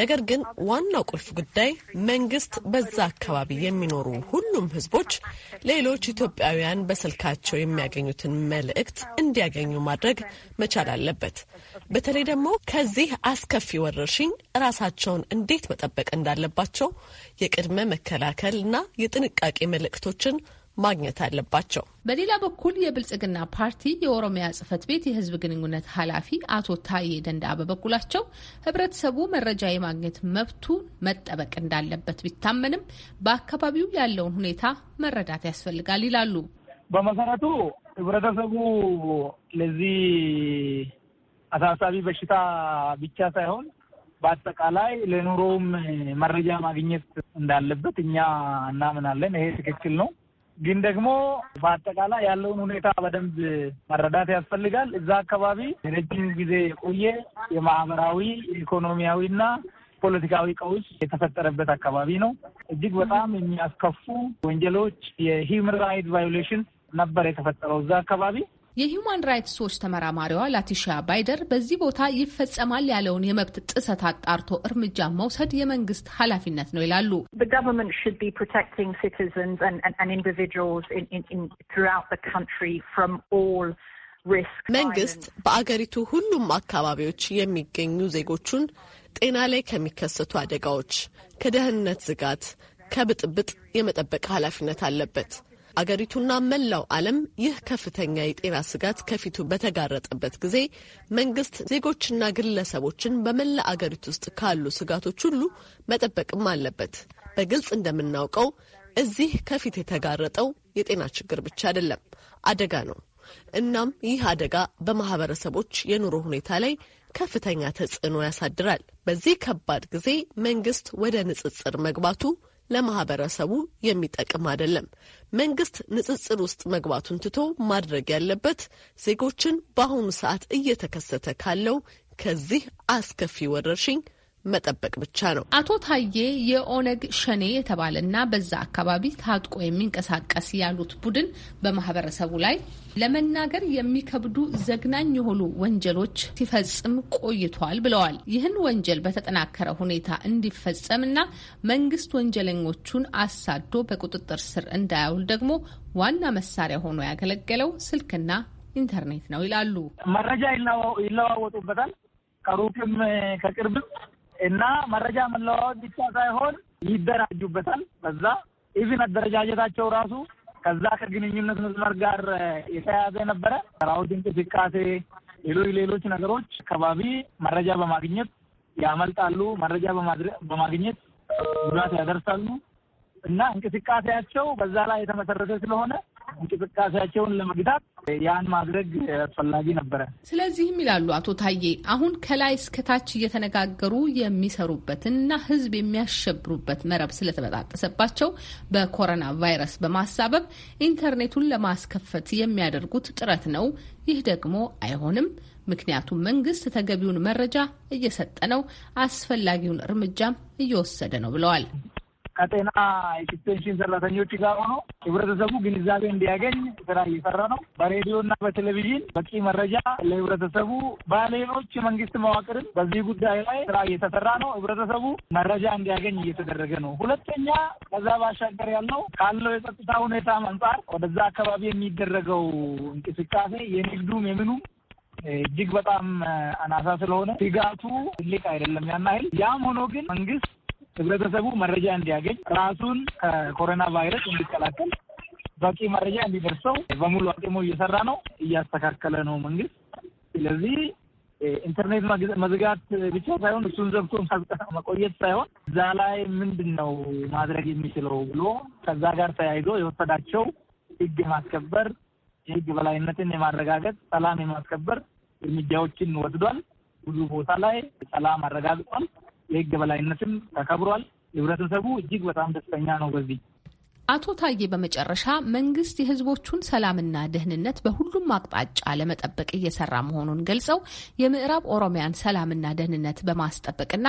ነገር ግን ዋናው ቁልፍ ጉዳይ መንግስት በዛ አካባቢ የሚኖሩ ሁሉም ህዝቦች ሌሎች ኢትዮጵያውያን በስልካቸው የሚያገኙትን መልእክት እንዲያገኙ ማድረግ መቻል አለበት። በተለይ ደግሞ ከዚህ አስከፊ ወረርሽኝ ራሳቸውን እንዴት መጠበቅ እንዳለባቸው የቅድመ መከላከልና የጥንቃቄ መልእክቶችን ማግኘት አለባቸው። በሌላ በኩል የብልጽግና ፓርቲ የኦሮሚያ ጽህፈት ቤት የህዝብ ግንኙነት ኃላፊ አቶ ታዬ ደንዳ በበኩላቸው ህብረተሰቡ መረጃ የማግኘት መብቱ መጠበቅ እንዳለበት ቢታመንም በአካባቢው ያለውን ሁኔታ መረዳት ያስፈልጋል ይላሉ። በመሰረቱ ህብረተሰቡ ለዚህ አሳሳቢ በሽታ ብቻ ሳይሆን በአጠቃላይ ለኑሮውም መረጃ ማግኘት እንዳለበት እኛ እናምናለን። ይሄ ትክክል ነው። ግን ደግሞ በአጠቃላይ ያለውን ሁኔታ በደንብ መረዳት ያስፈልጋል። እዛ አካባቢ የረጅም ጊዜ የቆየ የማህበራዊ ኢኮኖሚያዊ እና ፖለቲካዊ ቀውስ የተፈጠረበት አካባቢ ነው። እጅግ በጣም የሚያስከፉ ወንጀሎች የሂውመን ራይት ቫዮሌሽን ነበር የተፈጠረው እዛ አካባቢ። የሂውማን ራይትስ ዎች ተመራማሪዋ ላቲሻ ባይደር በዚህ ቦታ ይፈጸማል ያለውን የመብት ጥሰት አጣርቶ እርምጃ መውሰድ የመንግስት ኃላፊነት ነው ይላሉ። መንግስት በአገሪቱ ሁሉም አካባቢዎች የሚገኙ ዜጎቹን ጤና ላይ ከሚከሰቱ አደጋዎች፣ ከደህንነት ስጋት፣ ከብጥብጥ የመጠበቅ ኃላፊነት አለበት። አገሪቱና መላው ዓለም ይህ ከፍተኛ የጤና ስጋት ከፊቱ በተጋረጠበት ጊዜ መንግስት ዜጎችና ግለሰቦችን በመላ አገሪቱ ውስጥ ካሉ ስጋቶች ሁሉ መጠበቅም አለበት። በግልጽ እንደምናውቀው እዚህ ከፊት የተጋረጠው የጤና ችግር ብቻ አይደለም፣ አደጋ ነው። እናም ይህ አደጋ በማህበረሰቦች የኑሮ ሁኔታ ላይ ከፍተኛ ተጽዕኖ ያሳድራል። በዚህ ከባድ ጊዜ መንግስት ወደ ንጽጽር መግባቱ ለማህበረሰቡ የሚጠቅም አይደለም። መንግስት ንጽጽር ውስጥ መግባቱን ትቶ ማድረግ ያለበት ዜጎችን በአሁኑ ሰዓት እየተከሰተ ካለው ከዚህ አስከፊ ወረርሽኝ መጠበቅ ብቻ ነው። አቶ ታዬ የኦነግ ሸኔ የተባለና በዛ አካባቢ ታጥቆ የሚንቀሳቀስ ያሉት ቡድን በማህበረሰቡ ላይ ለመናገር የሚከብዱ ዘግናኝ የሆኑ ወንጀሎች ሲፈጽም ቆይቷል ብለዋል። ይህን ወንጀል በተጠናከረ ሁኔታ እንዲፈጸምና መንግስት ወንጀለኞቹን አሳዶ በቁጥጥር ስር እንዳያውል ደግሞ ዋና መሳሪያ ሆኖ ያገለገለው ስልክና ኢንተርኔት ነው ይላሉ። መረጃ ይለዋወጡበታል ከሩቅም ከቅርብም እና መረጃ መለዋወጥ ብቻ ሳይሆን ይደራጁበታል። በዛ ኢቭን አደረጃጀታቸው ራሱ ከዛ ከግንኙነት መስመር ጋር የተያያዘ የነበረ ሰራዊት እንቅስቃሴ፣ ሌሎች ሌሎች ነገሮች አካባቢ መረጃ በማግኘት ያመልጣሉ፣ መረጃ በማግኘት ጉዳት ያደርሳሉ እና እንቅስቃሴያቸው በዛ ላይ የተመሰረተ ስለሆነ እንቅስቃሴያቸውን ለመግታት ያን ማድረግ አስፈላጊ ነበረ። ስለዚህም ይላሉ አቶ ታዬ አሁን ከላይ እስከታች እየተነጋገሩ የሚሰሩበትና ህዝብ የሚያሸብሩበት መረብ ስለተበጣጠሰባቸው በኮሮና ቫይረስ በማሳበብ ኢንተርኔቱን ለማስከፈት የሚያደርጉት ጥረት ነው። ይህ ደግሞ አይሆንም። ምክንያቱም መንግስት ተገቢውን መረጃ እየሰጠ ነው፣ አስፈላጊውን እርምጃም እየወሰደ ነው ብለዋል። ከጤና ኤክስቴንሽን ሰራተኞች ጋር ሆኖ ህብረተሰቡ ግንዛቤ እንዲያገኝ ስራ እየሰራ ነው። በሬዲዮና በቴሌቪዥን በቂ መረጃ ለህብረተሰቡ፣ በሌሎች የመንግስት መዋቅርም በዚህ ጉዳይ ላይ ስራ እየተሰራ ነው። ህብረተሰቡ መረጃ እንዲያገኝ እየተደረገ ነው። ሁለተኛ ከዛ ባሻገር ያለው ካለው የጸጥታ ሁኔታ አንጻር ወደዛ አካባቢ የሚደረገው እንቅስቃሴ የንግዱም የምኑም እጅግ በጣም አናሳ ስለሆነ ስጋቱ ትልቅ አይደለም ያናይል። ያም ሆኖ ግን መንግስት ህብረተሰቡ መረጃ እንዲያገኝ ራሱን ከኮሮና ቫይረስ እንዲከላከል በቂ መረጃ እንዲደርሰው በሙሉ አቅሙ እየሰራ ነው፣ እያስተካከለ ነው መንግስት። ስለዚህ ኢንተርኔት መዝጋት ብቻ ሳይሆን እሱን ዘግቶ መቆየት ሳይሆን እዛ ላይ ምንድን ነው ማድረግ የሚችለው ብሎ ከዛ ጋር ተያይዞ የወሰዳቸው ህግ የማስከበር የህግ በላይነትን የማረጋገጥ ሰላም የማስከበር እርምጃዎችን ወስዷል። ብዙ ቦታ ላይ ሰላም አረጋግጧል። የህግ በላይነትም ተከብሯል። ህብረተሰቡ እጅግ በጣም ደስተኛ ነው በዚህ አቶ ታዬ በመጨረሻ መንግስት የህዝቦቹን ሰላምና ደህንነት በሁሉም አቅጣጫ ለመጠበቅ እየሰራ መሆኑን ገልጸው የምዕራብ ኦሮሚያን ሰላምና ደህንነት በማስጠበቅና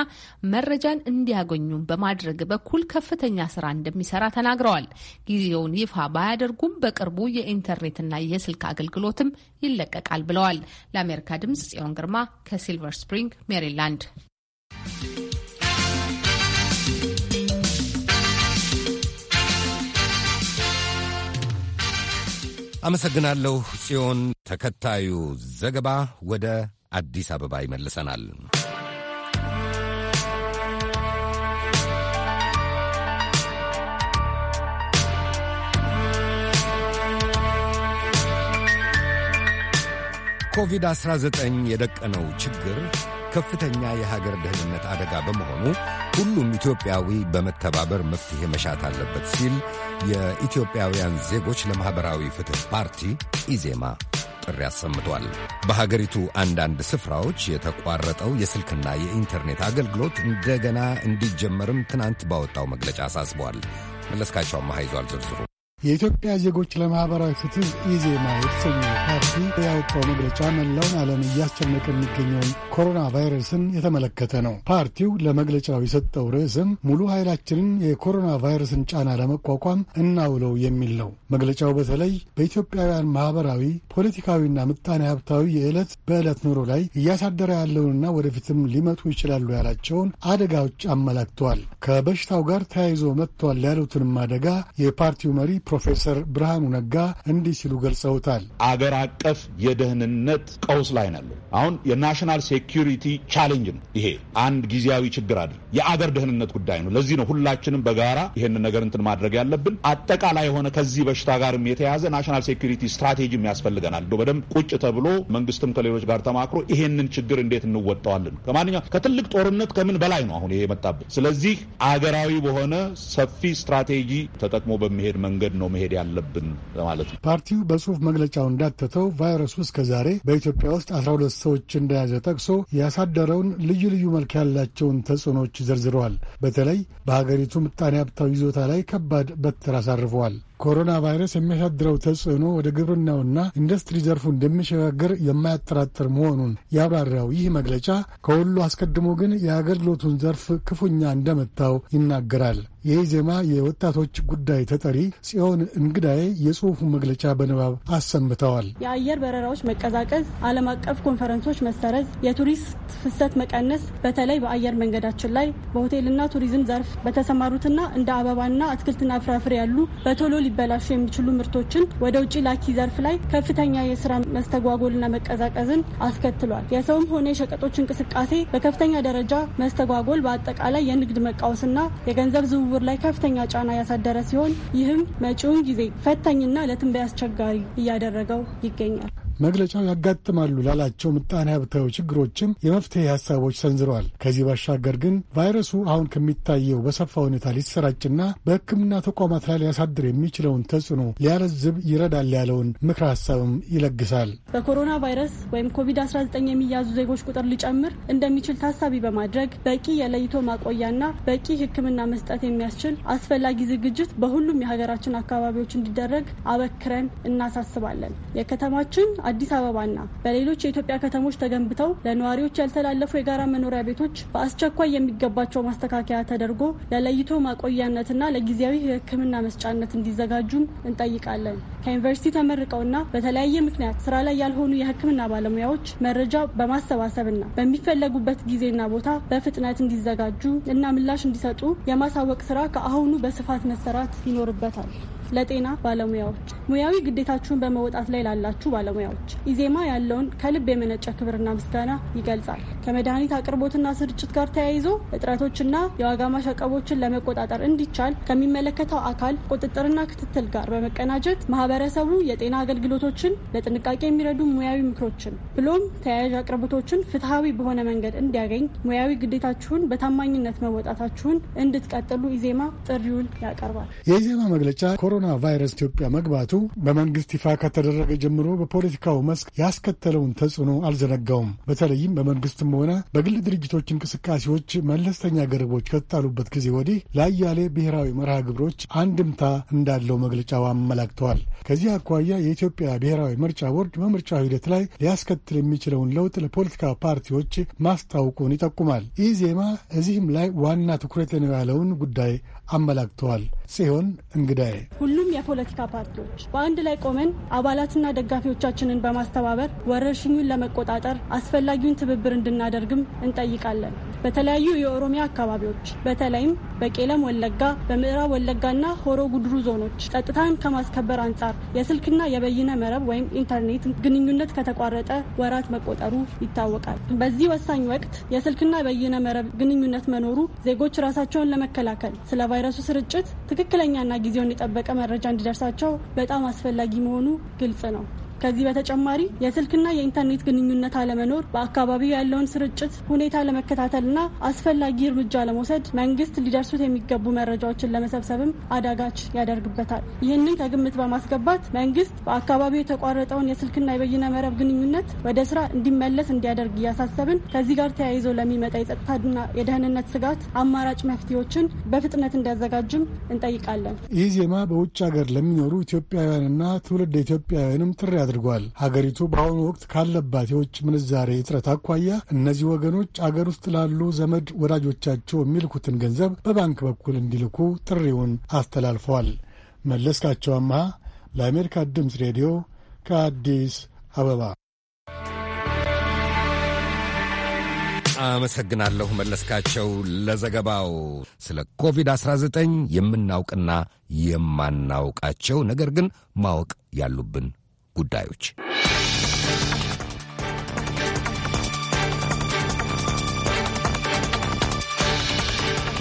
መረጃን እንዲያገኙም በማድረግ በኩል ከፍተኛ ስራ እንደሚሰራ ተናግረዋል። ጊዜውን ይፋ ባያደርጉም በቅርቡ የኢንተርኔትና የስልክ አገልግሎትም ይለቀቃል ብለዋል። ለአሜሪካ ድምጽ ጽዮን ግርማ ከሲልቨር ስፕሪንግ ሜሪላንድ አመሰግናለሁ ጽዮን። ተከታዩ ዘገባ ወደ አዲስ አበባ ይመልሰናል። ኮቪድ-19 የደቀነው ችግር ከፍተኛ የሀገር ደህንነት አደጋ በመሆኑ ሁሉም ኢትዮጵያዊ በመተባበር መፍትሄ መሻት አለበት ሲል የኢትዮጵያውያን ዜጎች ለማኅበራዊ ፍትሕ ፓርቲ ኢዜማ ጥሪ አሰምቷል። በሀገሪቱ አንዳንድ ስፍራዎች የተቋረጠው የስልክና የኢንተርኔት አገልግሎት እንደገና እንዲጀመርም ትናንት ባወጣው መግለጫ አሳስበዋል። መለስካቸው አማሃ ይዟል ዝርዝሩ የኢትዮጵያ ዜጎች ለማኅበራዊ ፍትሕ ኢዜማ የተሰኘው ፓርቲ ያወጣው መግለጫ መላውን ዓለም እያስጨነቀ የሚገኘውን ኮሮና ቫይረስን የተመለከተ ነው። ፓርቲው ለመግለጫው የሰጠው ርዕስም ሙሉ ኃይላችንን የኮሮና ቫይረስን ጫና ለመቋቋም እናውለው የሚል ነው። መግለጫው በተለይ በኢትዮጵያውያን ማኅበራዊ፣ ፖለቲካዊና ምጣኔ ሀብታዊ የዕለት በዕለት ኑሮ ላይ እያሳደረ ያለውንና ወደፊትም ሊመጡ ይችላሉ ያላቸውን አደጋዎች አመላክተዋል። ከበሽታው ጋር ተያይዞ መጥቷል ያሉትንም አደጋ የፓርቲው መሪ ፕሮፌሰር ብርሃኑ ነጋ እንዲህ ሲሉ ገልጸውታል። አገር አቀፍ የደህንነት ቀውስ ላይ ነው አሁን የናሽናል ሴኪሪቲ ቻሌንጅ ነው። ይሄ አንድ ጊዜያዊ ችግር አለ፣ የአገር ደህንነት ጉዳይ ነው። ለዚህ ነው ሁላችንም በጋራ ይህን ነገር እንትን ማድረግ ያለብን። አጠቃላይ የሆነ ከዚህ በሽታ ጋርም የተያዘ ናሽናል ሴኪሪቲ ስትራቴጂም ያስፈልገናል። በደንብ ቁጭ ተብሎ መንግስትም ከሌሎች ጋር ተማክሮ ይሄንን ችግር እንዴት እንወጣዋለን። ከማንኛውም ከትልቅ ጦርነት ከምን በላይ ነው አሁን ይሄ የመጣብን። ስለዚህ አገራዊ በሆነ ሰፊ ስትራቴጂ ተጠቅሞ በሚሄድ መንገድ ነው ነው መሄድ ያለብን ለማለት ነው። ፓርቲው በጽሁፍ መግለጫው እንዳተተው ቫይረሱ እስከ ዛሬ በኢትዮጵያ ውስጥ 12 ሰዎች እንደያዘ ጠቅሶ ያሳደረውን ልዩ ልዩ መልክ ያላቸውን ተጽዕኖች ዘርዝረዋል። በተለይ በሀገሪቱ ምጣኔ ሀብታዊ ይዞታ ላይ ከባድ በትር አሳርፈዋል። ኮሮና ቫይረስ የሚያሳድረው ተጽዕኖ ወደ ግብርናውና ኢንዱስትሪ ዘርፉ እንደሚሸጋገር የማያጠራጥር መሆኑን ያብራራው ይህ መግለጫ ከሁሉ አስቀድሞ ግን የአገልግሎቱን ዘርፍ ክፉኛ እንደመታው ይናገራል። የኢዜማ የወጣቶች ጉዳይ ተጠሪ ጽዮን እንግዳዬ የጽሁፉ መግለጫ በንባብ አሰምተዋል። የአየር በረራዎች መቀዛቀዝ፣ ዓለም አቀፍ ኮንፈረንሶች መሰረዝ፣ የቱሪስት ፍሰት መቀነስ፣ በተለይ በአየር መንገዳችን ላይ በሆቴልና ቱሪዝም ዘርፍ በተሰማሩትና እንደ አበባና አትክልትና ፍራፍሬ ያሉ በቶሎ ሊበላሹ የሚችሉ ምርቶችን ወደ ውጭ ላኪ ዘርፍ ላይ ከፍተኛ የስራ መስተጓጎልና መቀዛቀዝን አስከትሏል። የሰውም ሆነ የሸቀጦች እንቅስቃሴ በከፍተኛ ደረጃ መስተጓጎል፣ በአጠቃላይ የንግድ መቃወስና የገንዘብ ዝውውር ዝውውር ላይ ከፍተኛ ጫና ያሳደረ ሲሆን ይህም መጪውን ጊዜ ፈታኝና ለትንበያ አስቸጋሪ እያደረገው ይገኛል። መግለጫው ያጋጥማሉ ላላቸው ምጣኔ ሀብታዊ ችግሮችም የመፍትሄ ሀሳቦች ሰንዝረዋል። ከዚህ ባሻገር ግን ቫይረሱ አሁን ከሚታየው በሰፋ ሁኔታ ሊሰራጭና በሕክምና ተቋማት ላይ ሊያሳድር የሚችለውን ተጽዕኖ ሊያለዝብ ይረዳል ያለውን ምክረ ሀሳብም ይለግሳል። በኮሮና ቫይረስ ወይም ኮቪድ-19 የሚያዙ ዜጎች ቁጥር ሊጨምር እንደሚችል ታሳቢ በማድረግ በቂ የለይቶ ማቆያና በቂ ሕክምና መስጠት የሚያስችል አስፈላጊ ዝግጅት በሁሉም የሀገራችን አካባቢዎች እንዲደረግ አበክረን እናሳስባለን። የከተማችን አዲስ አበባና በሌሎች የኢትዮጵያ ከተሞች ተገንብተው ለነዋሪዎች ያልተላለፉ የጋራ መኖሪያ ቤቶች በአስቸኳይ የሚገባቸው ማስተካከያ ተደርጎ ለለይቶ ማቆያነትና ለጊዜያዊ የሕክምና መስጫነት እንዲዘጋጁም እንጠይቃለን። ከዩኒቨርሲቲ ተመርቀውና በተለያየ ምክንያት ስራ ላይ ያልሆኑ የሕክምና ባለሙያዎች መረጃ በማሰባሰብና በሚፈለጉበት ጊዜና ቦታ በፍጥነት እንዲዘጋጁ እና ምላሽ እንዲሰጡ የማሳወቅ ስራ ከአሁኑ በስፋት መሰራት ይኖርበታል። ለጤና ባለሙያዎች፣ ሙያዊ ግዴታችሁን በመወጣት ላይ ላላችሁ ባለሙያዎች ኢዜማ ያለውን ከልብ የመነጨ ክብርና ምስጋና ይገልጻል። ከመድኃኒት አቅርቦትና ስርጭት ጋር ተያይዞ እጥረቶችና የዋጋ ማሻቀቦችን ለመቆጣጠር እንዲቻል ከሚመለከተው አካል ቁጥጥርና ክትትል ጋር በመቀናጀት ማህበረሰቡ የጤና አገልግሎቶችን ለጥንቃቄ የሚረዱ ሙያዊ ምክሮችን ብሎም ተያያዥ አቅርቦቶችን ፍትሐዊ በሆነ መንገድ እንዲያገኝ ሙያዊ ግዴታችሁን በታማኝነት መወጣታችሁን እንድትቀጥሉ ኢዜማ ጥሪውን ያቀርባል። የኢዜማ መግለጫ የኮሮና ቫይረስ ኢትዮጵያ መግባቱ በመንግስት ይፋ ከተደረገ ጀምሮ በፖለቲካው መስክ ያስከተለውን ተጽዕኖ አልዘነጋውም። በተለይም በመንግስትም ሆነ በግል ድርጅቶች እንቅስቃሴዎች መለስተኛ ገደቦች ከተጣሉበት ጊዜ ወዲህ ለአያሌ ብሔራዊ መርሃ ግብሮች አንድምታ እንዳለው መግለጫው አመላክተዋል። ከዚህ አኳያ የኢትዮጵያ ብሔራዊ ምርጫ ቦርድ በምርጫው ሂደት ላይ ሊያስከትል የሚችለውን ለውጥ ለፖለቲካ ፓርቲዎች ማስታወቁን ይጠቁማል። ኢዜማ እዚህም ላይ ዋና ትኩረት ነው ያለውን ጉዳይ አመላክተዋል። ሲሆን እንግዳዬ ሁሉም የፖለቲካ ፓርቲዎች በአንድ ላይ ቆመን አባላትና ደጋፊዎቻችንን በማስተባበር ወረርሽኙን ለመቆጣጠር አስፈላጊውን ትብብር እንድናደርግም እንጠይቃለን። በተለያዩ የኦሮሚያ አካባቢዎች በተለይም በቄለም ወለጋ፣ በምዕራብ ወለጋና ሆሮ ጉድሩ ዞኖች ጸጥታን ከማስከበር አንጻር የስልክና የበይነ መረብ ወይም ኢንተርኔት ግንኙነት ከተቋረጠ ወራት መቆጠሩ ይታወቃል። በዚህ ወሳኝ ወቅት የስልክና የበይነ መረብ ግንኙነት መኖሩ ዜጎች ራሳቸውን ለመከላከል ስለ ቫይረሱ ስርጭት ትክክለኛና ጊዜውን የጠበቀ መረጃ እንዲደርሳቸው በጣም አስፈላጊ መሆኑ ግልጽ ነው። ከዚህ በተጨማሪ የስልክና የኢንተርኔት ግንኙነት አለመኖር በአካባቢው ያለውን ስርጭት ሁኔታ ለመከታተልና አስፈላጊ እርምጃ ለመውሰድ መንግስት ሊደርሱት የሚገቡ መረጃዎችን ለመሰብሰብም አዳጋች ያደርግበታል። ይህንን ከግምት በማስገባት መንግስት በአካባቢው የተቋረጠውን የስልክና የበይነ መረብ ግንኙነት ወደ ስራ እንዲመለስ እንዲያደርግ እያሳሰብን ከዚህ ጋር ተያይዞ ለሚመጣ የጸጥታና የደህንነት ስጋት አማራጭ መፍትሄዎችን በፍጥነት እንዲያዘጋጅም እንጠይቃለን። ይህ ዜማ በውጭ ሀገር ለሚኖሩ ኢትዮጵያውያንና ትውልድ ኢትዮጵያውያንም ጥሪ አድርጓል። ሀገሪቱ በአሁኑ ወቅት ካለባት የውጭ ምንዛሬ እጥረት አኳያ እነዚህ ወገኖች አገር ውስጥ ላሉ ዘመድ ወዳጆቻቸው የሚልኩትን ገንዘብ በባንክ በኩል እንዲልኩ ጥሪውን አስተላልፈዋል። መለስካቸው አምሃ ለአሜሪካ ድምፅ ሬዲዮ ከአዲስ አበባ አመሰግናለሁ መለስካቸው ለዘገባው። ስለ ኮቪድ-19 የምናውቅና የማናውቃቸው ነገር ግን ማወቅ ያሉብን ጉዳዮች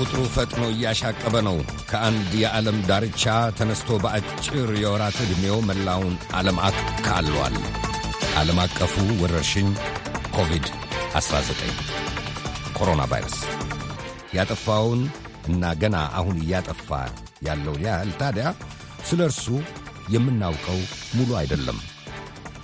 ቁጥሩ ፈጥኖ እያሻቀበ ነው። ከአንድ የዓለም ዳርቻ ተነስቶ በአጭር የወራት ዕድሜው መላውን ዓለም አካሏል። ዓለም አቀፉ ወረርሽኝ ኮቪድ-19 ኮሮና ቫይረስ ያጠፋውን እና ገና አሁን እያጠፋ ያለውን ያህል ታዲያ ስለ እርሱ የምናውቀው ሙሉ አይደለም።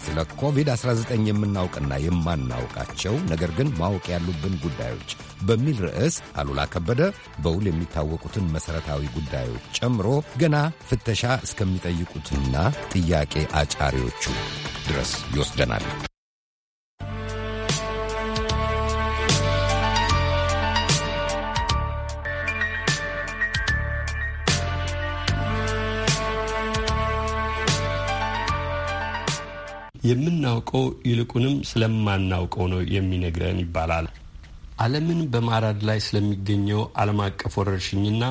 ስለ ኮቪድ-19 የምናውቅና የማናውቃቸው ነገር ግን ማወቅ ያሉብን ጉዳዮች በሚል ርዕስ አሉላ ከበደ በውል የሚታወቁትን መሠረታዊ ጉዳዮች ጨምሮ ገና ፍተሻ እስከሚጠይቁትና ጥያቄ አጫሪዎቹ ድረስ ይወስደናል። የምናውቀው ይልቁንም ስለማናውቀው ነው የሚነግረን ይባላል። ዓለምን በማራድ ላይ ስለሚገኘው ዓለም አቀፍ ወረርሽኝና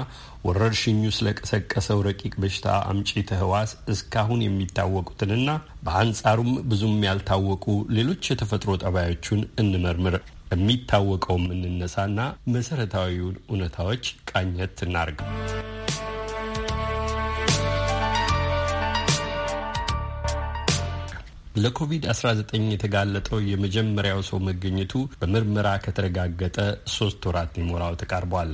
ወረርሽኙ ስለቀሰቀሰው ረቂቅ በሽታ አምጪ ተህዋስ እስካሁን የሚታወቁትንና በአንጻሩም ብዙም ያልታወቁ ሌሎች የተፈጥሮ ጠባዮቹን እንመርምር። የሚታወቀውም እንነሳና መሰረታዊውን እውነታዎች ቃኘት እናርግ። ለኮቪድ-19 የተጋለጠው የመጀመሪያው ሰው መገኘቱ በምርመራ ከተረጋገጠ ሶስት ወራት ሊሞላው ተቃርቧል።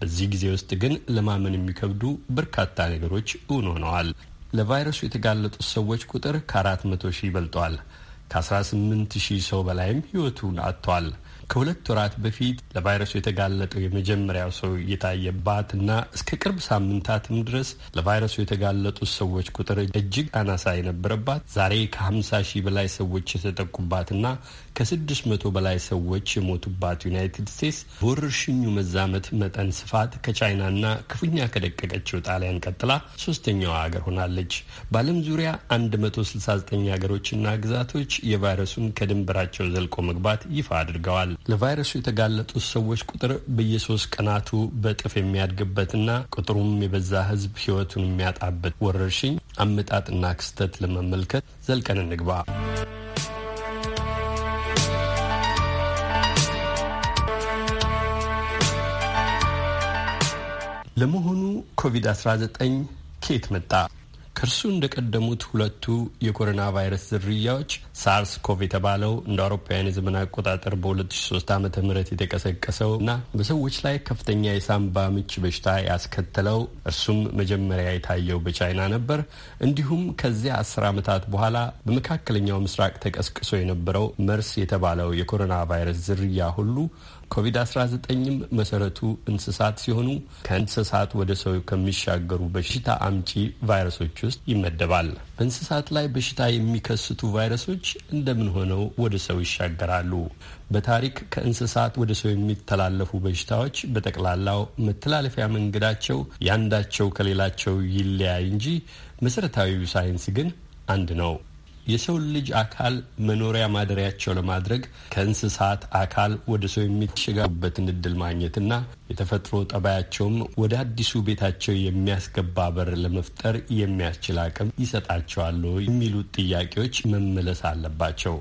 በዚህ ጊዜ ውስጥ ግን ለማመን የሚከብዱ በርካታ ነገሮች እውን ሆነዋል። ለቫይረሱ የተጋለጡት ሰዎች ቁጥር ከአራት መቶ ሺህ ይበልጠዋል ከ ከ18 ሺህ ሰው በላይም ህይወቱን አጥቷል። ከሁለት ወራት በፊት ለቫይረሱ የተጋለጠው የመጀመሪያው ሰው እየታየባት እና እስከ ቅርብ ሳምንታትም ድረስ ለቫይረሱ የተጋለጡት ሰዎች ቁጥር እጅግ አናሳ የነበረባት ዛሬ ከ50 ሺህ በላይ ሰዎች የተጠቁባትና ከ600 በላይ ሰዎች የሞቱባት ዩናይትድ ስቴትስ በወረርሽኙ መዛመት መጠን ስፋት ከቻይናና ክፉኛ ከደቀቀችው ጣሊያን ቀጥላ ሶስተኛዋ ሀገር ሆናለች። በዓለም ዙሪያ 169 ሀገሮችና ግዛቶች የቫይረሱን ከድንበራቸው ዘልቆ መግባት ይፋ አድርገዋል። ለቫይረሱ የተጋለጡት ሰዎች ቁጥር በየሶስት ቀናቱ በእጥፍ የሚያድግበትና ቁጥሩም የበዛ ሕዝብ ሕይወቱን የሚያጣበት ወረርሽኝ አመጣጥና ክስተት ለመመልከት ዘልቀን እንግባ። ለመሆኑ ኮቪድ-19 ከየት መጣ? ከእርሱ እንደቀደሙት ሁለቱ የኮሮና ቫይረስ ዝርያዎች ሳርስ ኮቭ የተባለው እንደ አውሮፓውያን የዘመን አቆጣጠር በ2003 ዓ ም የተቀሰቀሰው እና በሰዎች ላይ ከፍተኛ የሳምባ ምች በሽታ ያስከተለው እርሱም መጀመሪያ የታየው በቻይና ነበር። እንዲሁም ከዚያ አስር ዓመታት በኋላ በመካከለኛው ምስራቅ ተቀስቅሶ የነበረው መርስ የተባለው የኮሮና ቫይረስ ዝርያ ሁሉ ኮቪድ-19ም መሰረቱ እንስሳት ሲሆኑ ከእንስሳት ወደ ሰው ከሚሻገሩ በሽታ አምጪ ቫይረሶች ውስጥ ይመደባል። በእንስሳት ላይ በሽታ የሚከስቱ ቫይረሶች እንደምን ሆነው ወደ ሰው ይሻገራሉ? በታሪክ ከእንስሳት ወደ ሰው የሚተላለፉ በሽታዎች በጠቅላላው መተላለፊያ መንገዳቸው ያንዳቸው ከሌላቸው ይለያይ እንጂ መሰረታዊው ሳይንስ ግን አንድ ነው። የሰው ልጅ አካል መኖሪያ ማደሪያቸው ለማድረግ ከእንስሳት አካል ወደ ሰው የሚሸጋሩበትን እድል ማግኘትና የተፈጥሮ ጠባያቸውም ወደ አዲሱ ቤታቸው የሚያስገባ በር ለመፍጠር የሚያስችል አቅም ይሰጣቸዋል የሚሉት ጥያቄዎች መመለስ አለባቸው።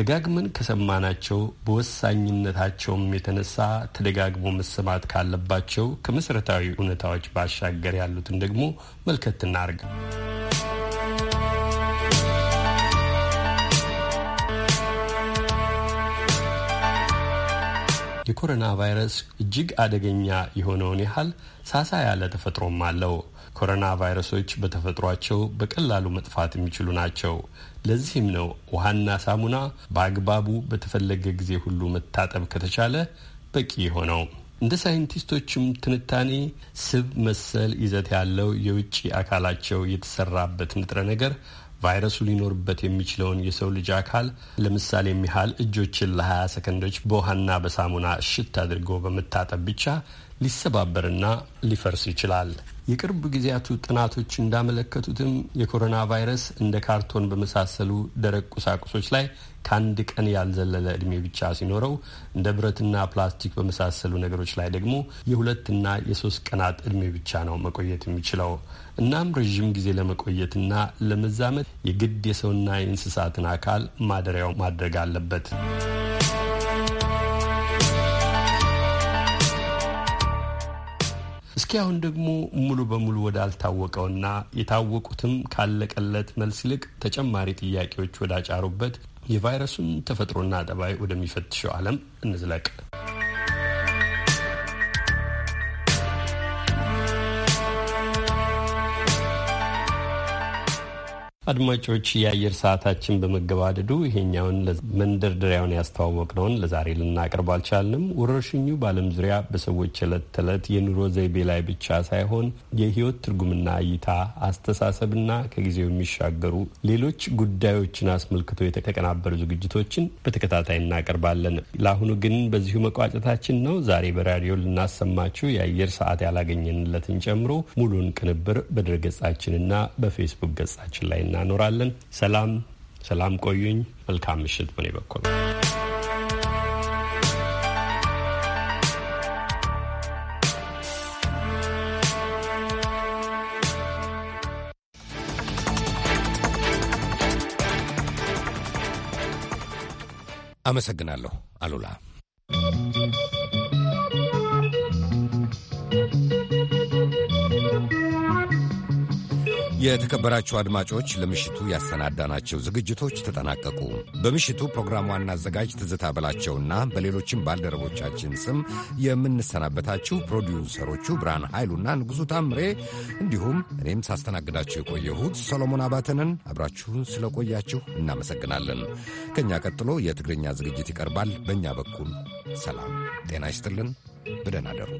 ደጋግመን ከሰማናቸው በወሳኝነታቸውም የተነሳ ተደጋግሞ መሰማት ካለባቸው ከመሰረታዊ እውነታዎች ባሻገር ያሉትን ደግሞ መልከት እናርጋል። የኮሮና ቫይረስ እጅግ አደገኛ የሆነውን ያህል ሳሳ ያለ ተፈጥሮም አለው። ኮሮና ቫይረሶች በተፈጥሯቸው በቀላሉ መጥፋት የሚችሉ ናቸው። ለዚህም ነው ውሃና ሳሙና በአግባቡ በተፈለገ ጊዜ ሁሉ መታጠብ ከተቻለ በቂ የሆነው። እንደ ሳይንቲስቶችም ትንታኔ ስብ መሰል ይዘት ያለው የውጭ አካላቸው የተሰራበት ንጥረ ነገር ቫይረሱ ሊኖርበት የሚችለውን የሰው ልጅ አካል ለምሳሌ የሚያህል እጆችን ለ20 ሰከንዶች በውሃና በሳሙና እሽት አድርጎ በመታጠብ ብቻ ሊሰባበርና ሊፈርስ ይችላል። የቅርብ ጊዜያቱ ጥናቶች እንዳመለከቱትም የኮሮና ቫይረስ እንደ ካርቶን በመሳሰሉ ደረቅ ቁሳቁሶች ላይ ከአንድ ቀን ያልዘለለ እድሜ ብቻ ሲኖረው እንደ ብረትና ፕላስቲክ በመሳሰሉ ነገሮች ላይ ደግሞ የሁለትና የሶስት ቀናት እድሜ ብቻ ነው መቆየት የሚችለው። እናም ረዥም ጊዜ ለመቆየትና ለመዛመት የግድ የሰውና የእንስሳትን አካል ማደሪያው ማድረግ አለበት። እስኪ አሁን ደግሞ ሙሉ በሙሉ ወዳልታወቀውና የታወቁትም ካለቀለት መልስ ይልቅ ተጨማሪ ጥያቄዎች ወዳጫሩበት የቫይረሱን ተፈጥሮና ጠባይ ወደሚፈትሸው ዓለም እንዝለቅ። አድማጮች የአየር ሰዓታችን በመገባደዱ ይሄኛውን መንደርደሪያውን ነውን ለዛሬ ልናቀርብ አልቻልንም። ወረርሽኙ በዓለም ዙሪያ በሰዎች ዕለት ተዕለት የኑሮ ዘይቤ ላይ ብቻ ሳይሆን የህይወት ትርጉምና እይታ፣ አስተሳሰብና ከጊዜው የሚሻገሩ ሌሎች ጉዳዮችን አስመልክቶ የተቀናበሩ ዝግጅቶችን በተከታታይ እናቀርባለን። ለአሁኑ ግን በዚሁ መቋጨታችን ነው። ዛሬ በራዲዮ ልናሰማችሁ የአየር ሰዓት ያላገኘንለትን ጨምሮ ሙሉን ቅንብር በድረገጻችንና በፌስቡክ ገጻችን ላይ እናኖራለን። ሰላም ሰላም፣ ቆዩኝ። መልካም ምሽት በኔ በኩል አመሰግናለሁ አሉላ የተከበራችሁ አድማጮች ለምሽቱ ያሰናዳናቸው ዝግጅቶች ተጠናቀቁ። በምሽቱ ፕሮግራም ዋና አዘጋጅ ትዝታ በላቸውና በሌሎችም ባልደረቦቻችን ስም የምንሰናበታችሁ ፕሮዲውሰሮቹ ብርሃን ኃይሉና ንጉሡ ታምሬ እንዲሁም እኔም ሳስተናግዳችሁ የቆየሁት ሰሎሞን አባተንን አብራችሁን ስለቆያችሁ እናመሰግናለን። ከእኛ ቀጥሎ የትግርኛ ዝግጅት ይቀርባል። በእኛ በኩል ሰላም ጤና ይስጥልን። በደህና አደሩ።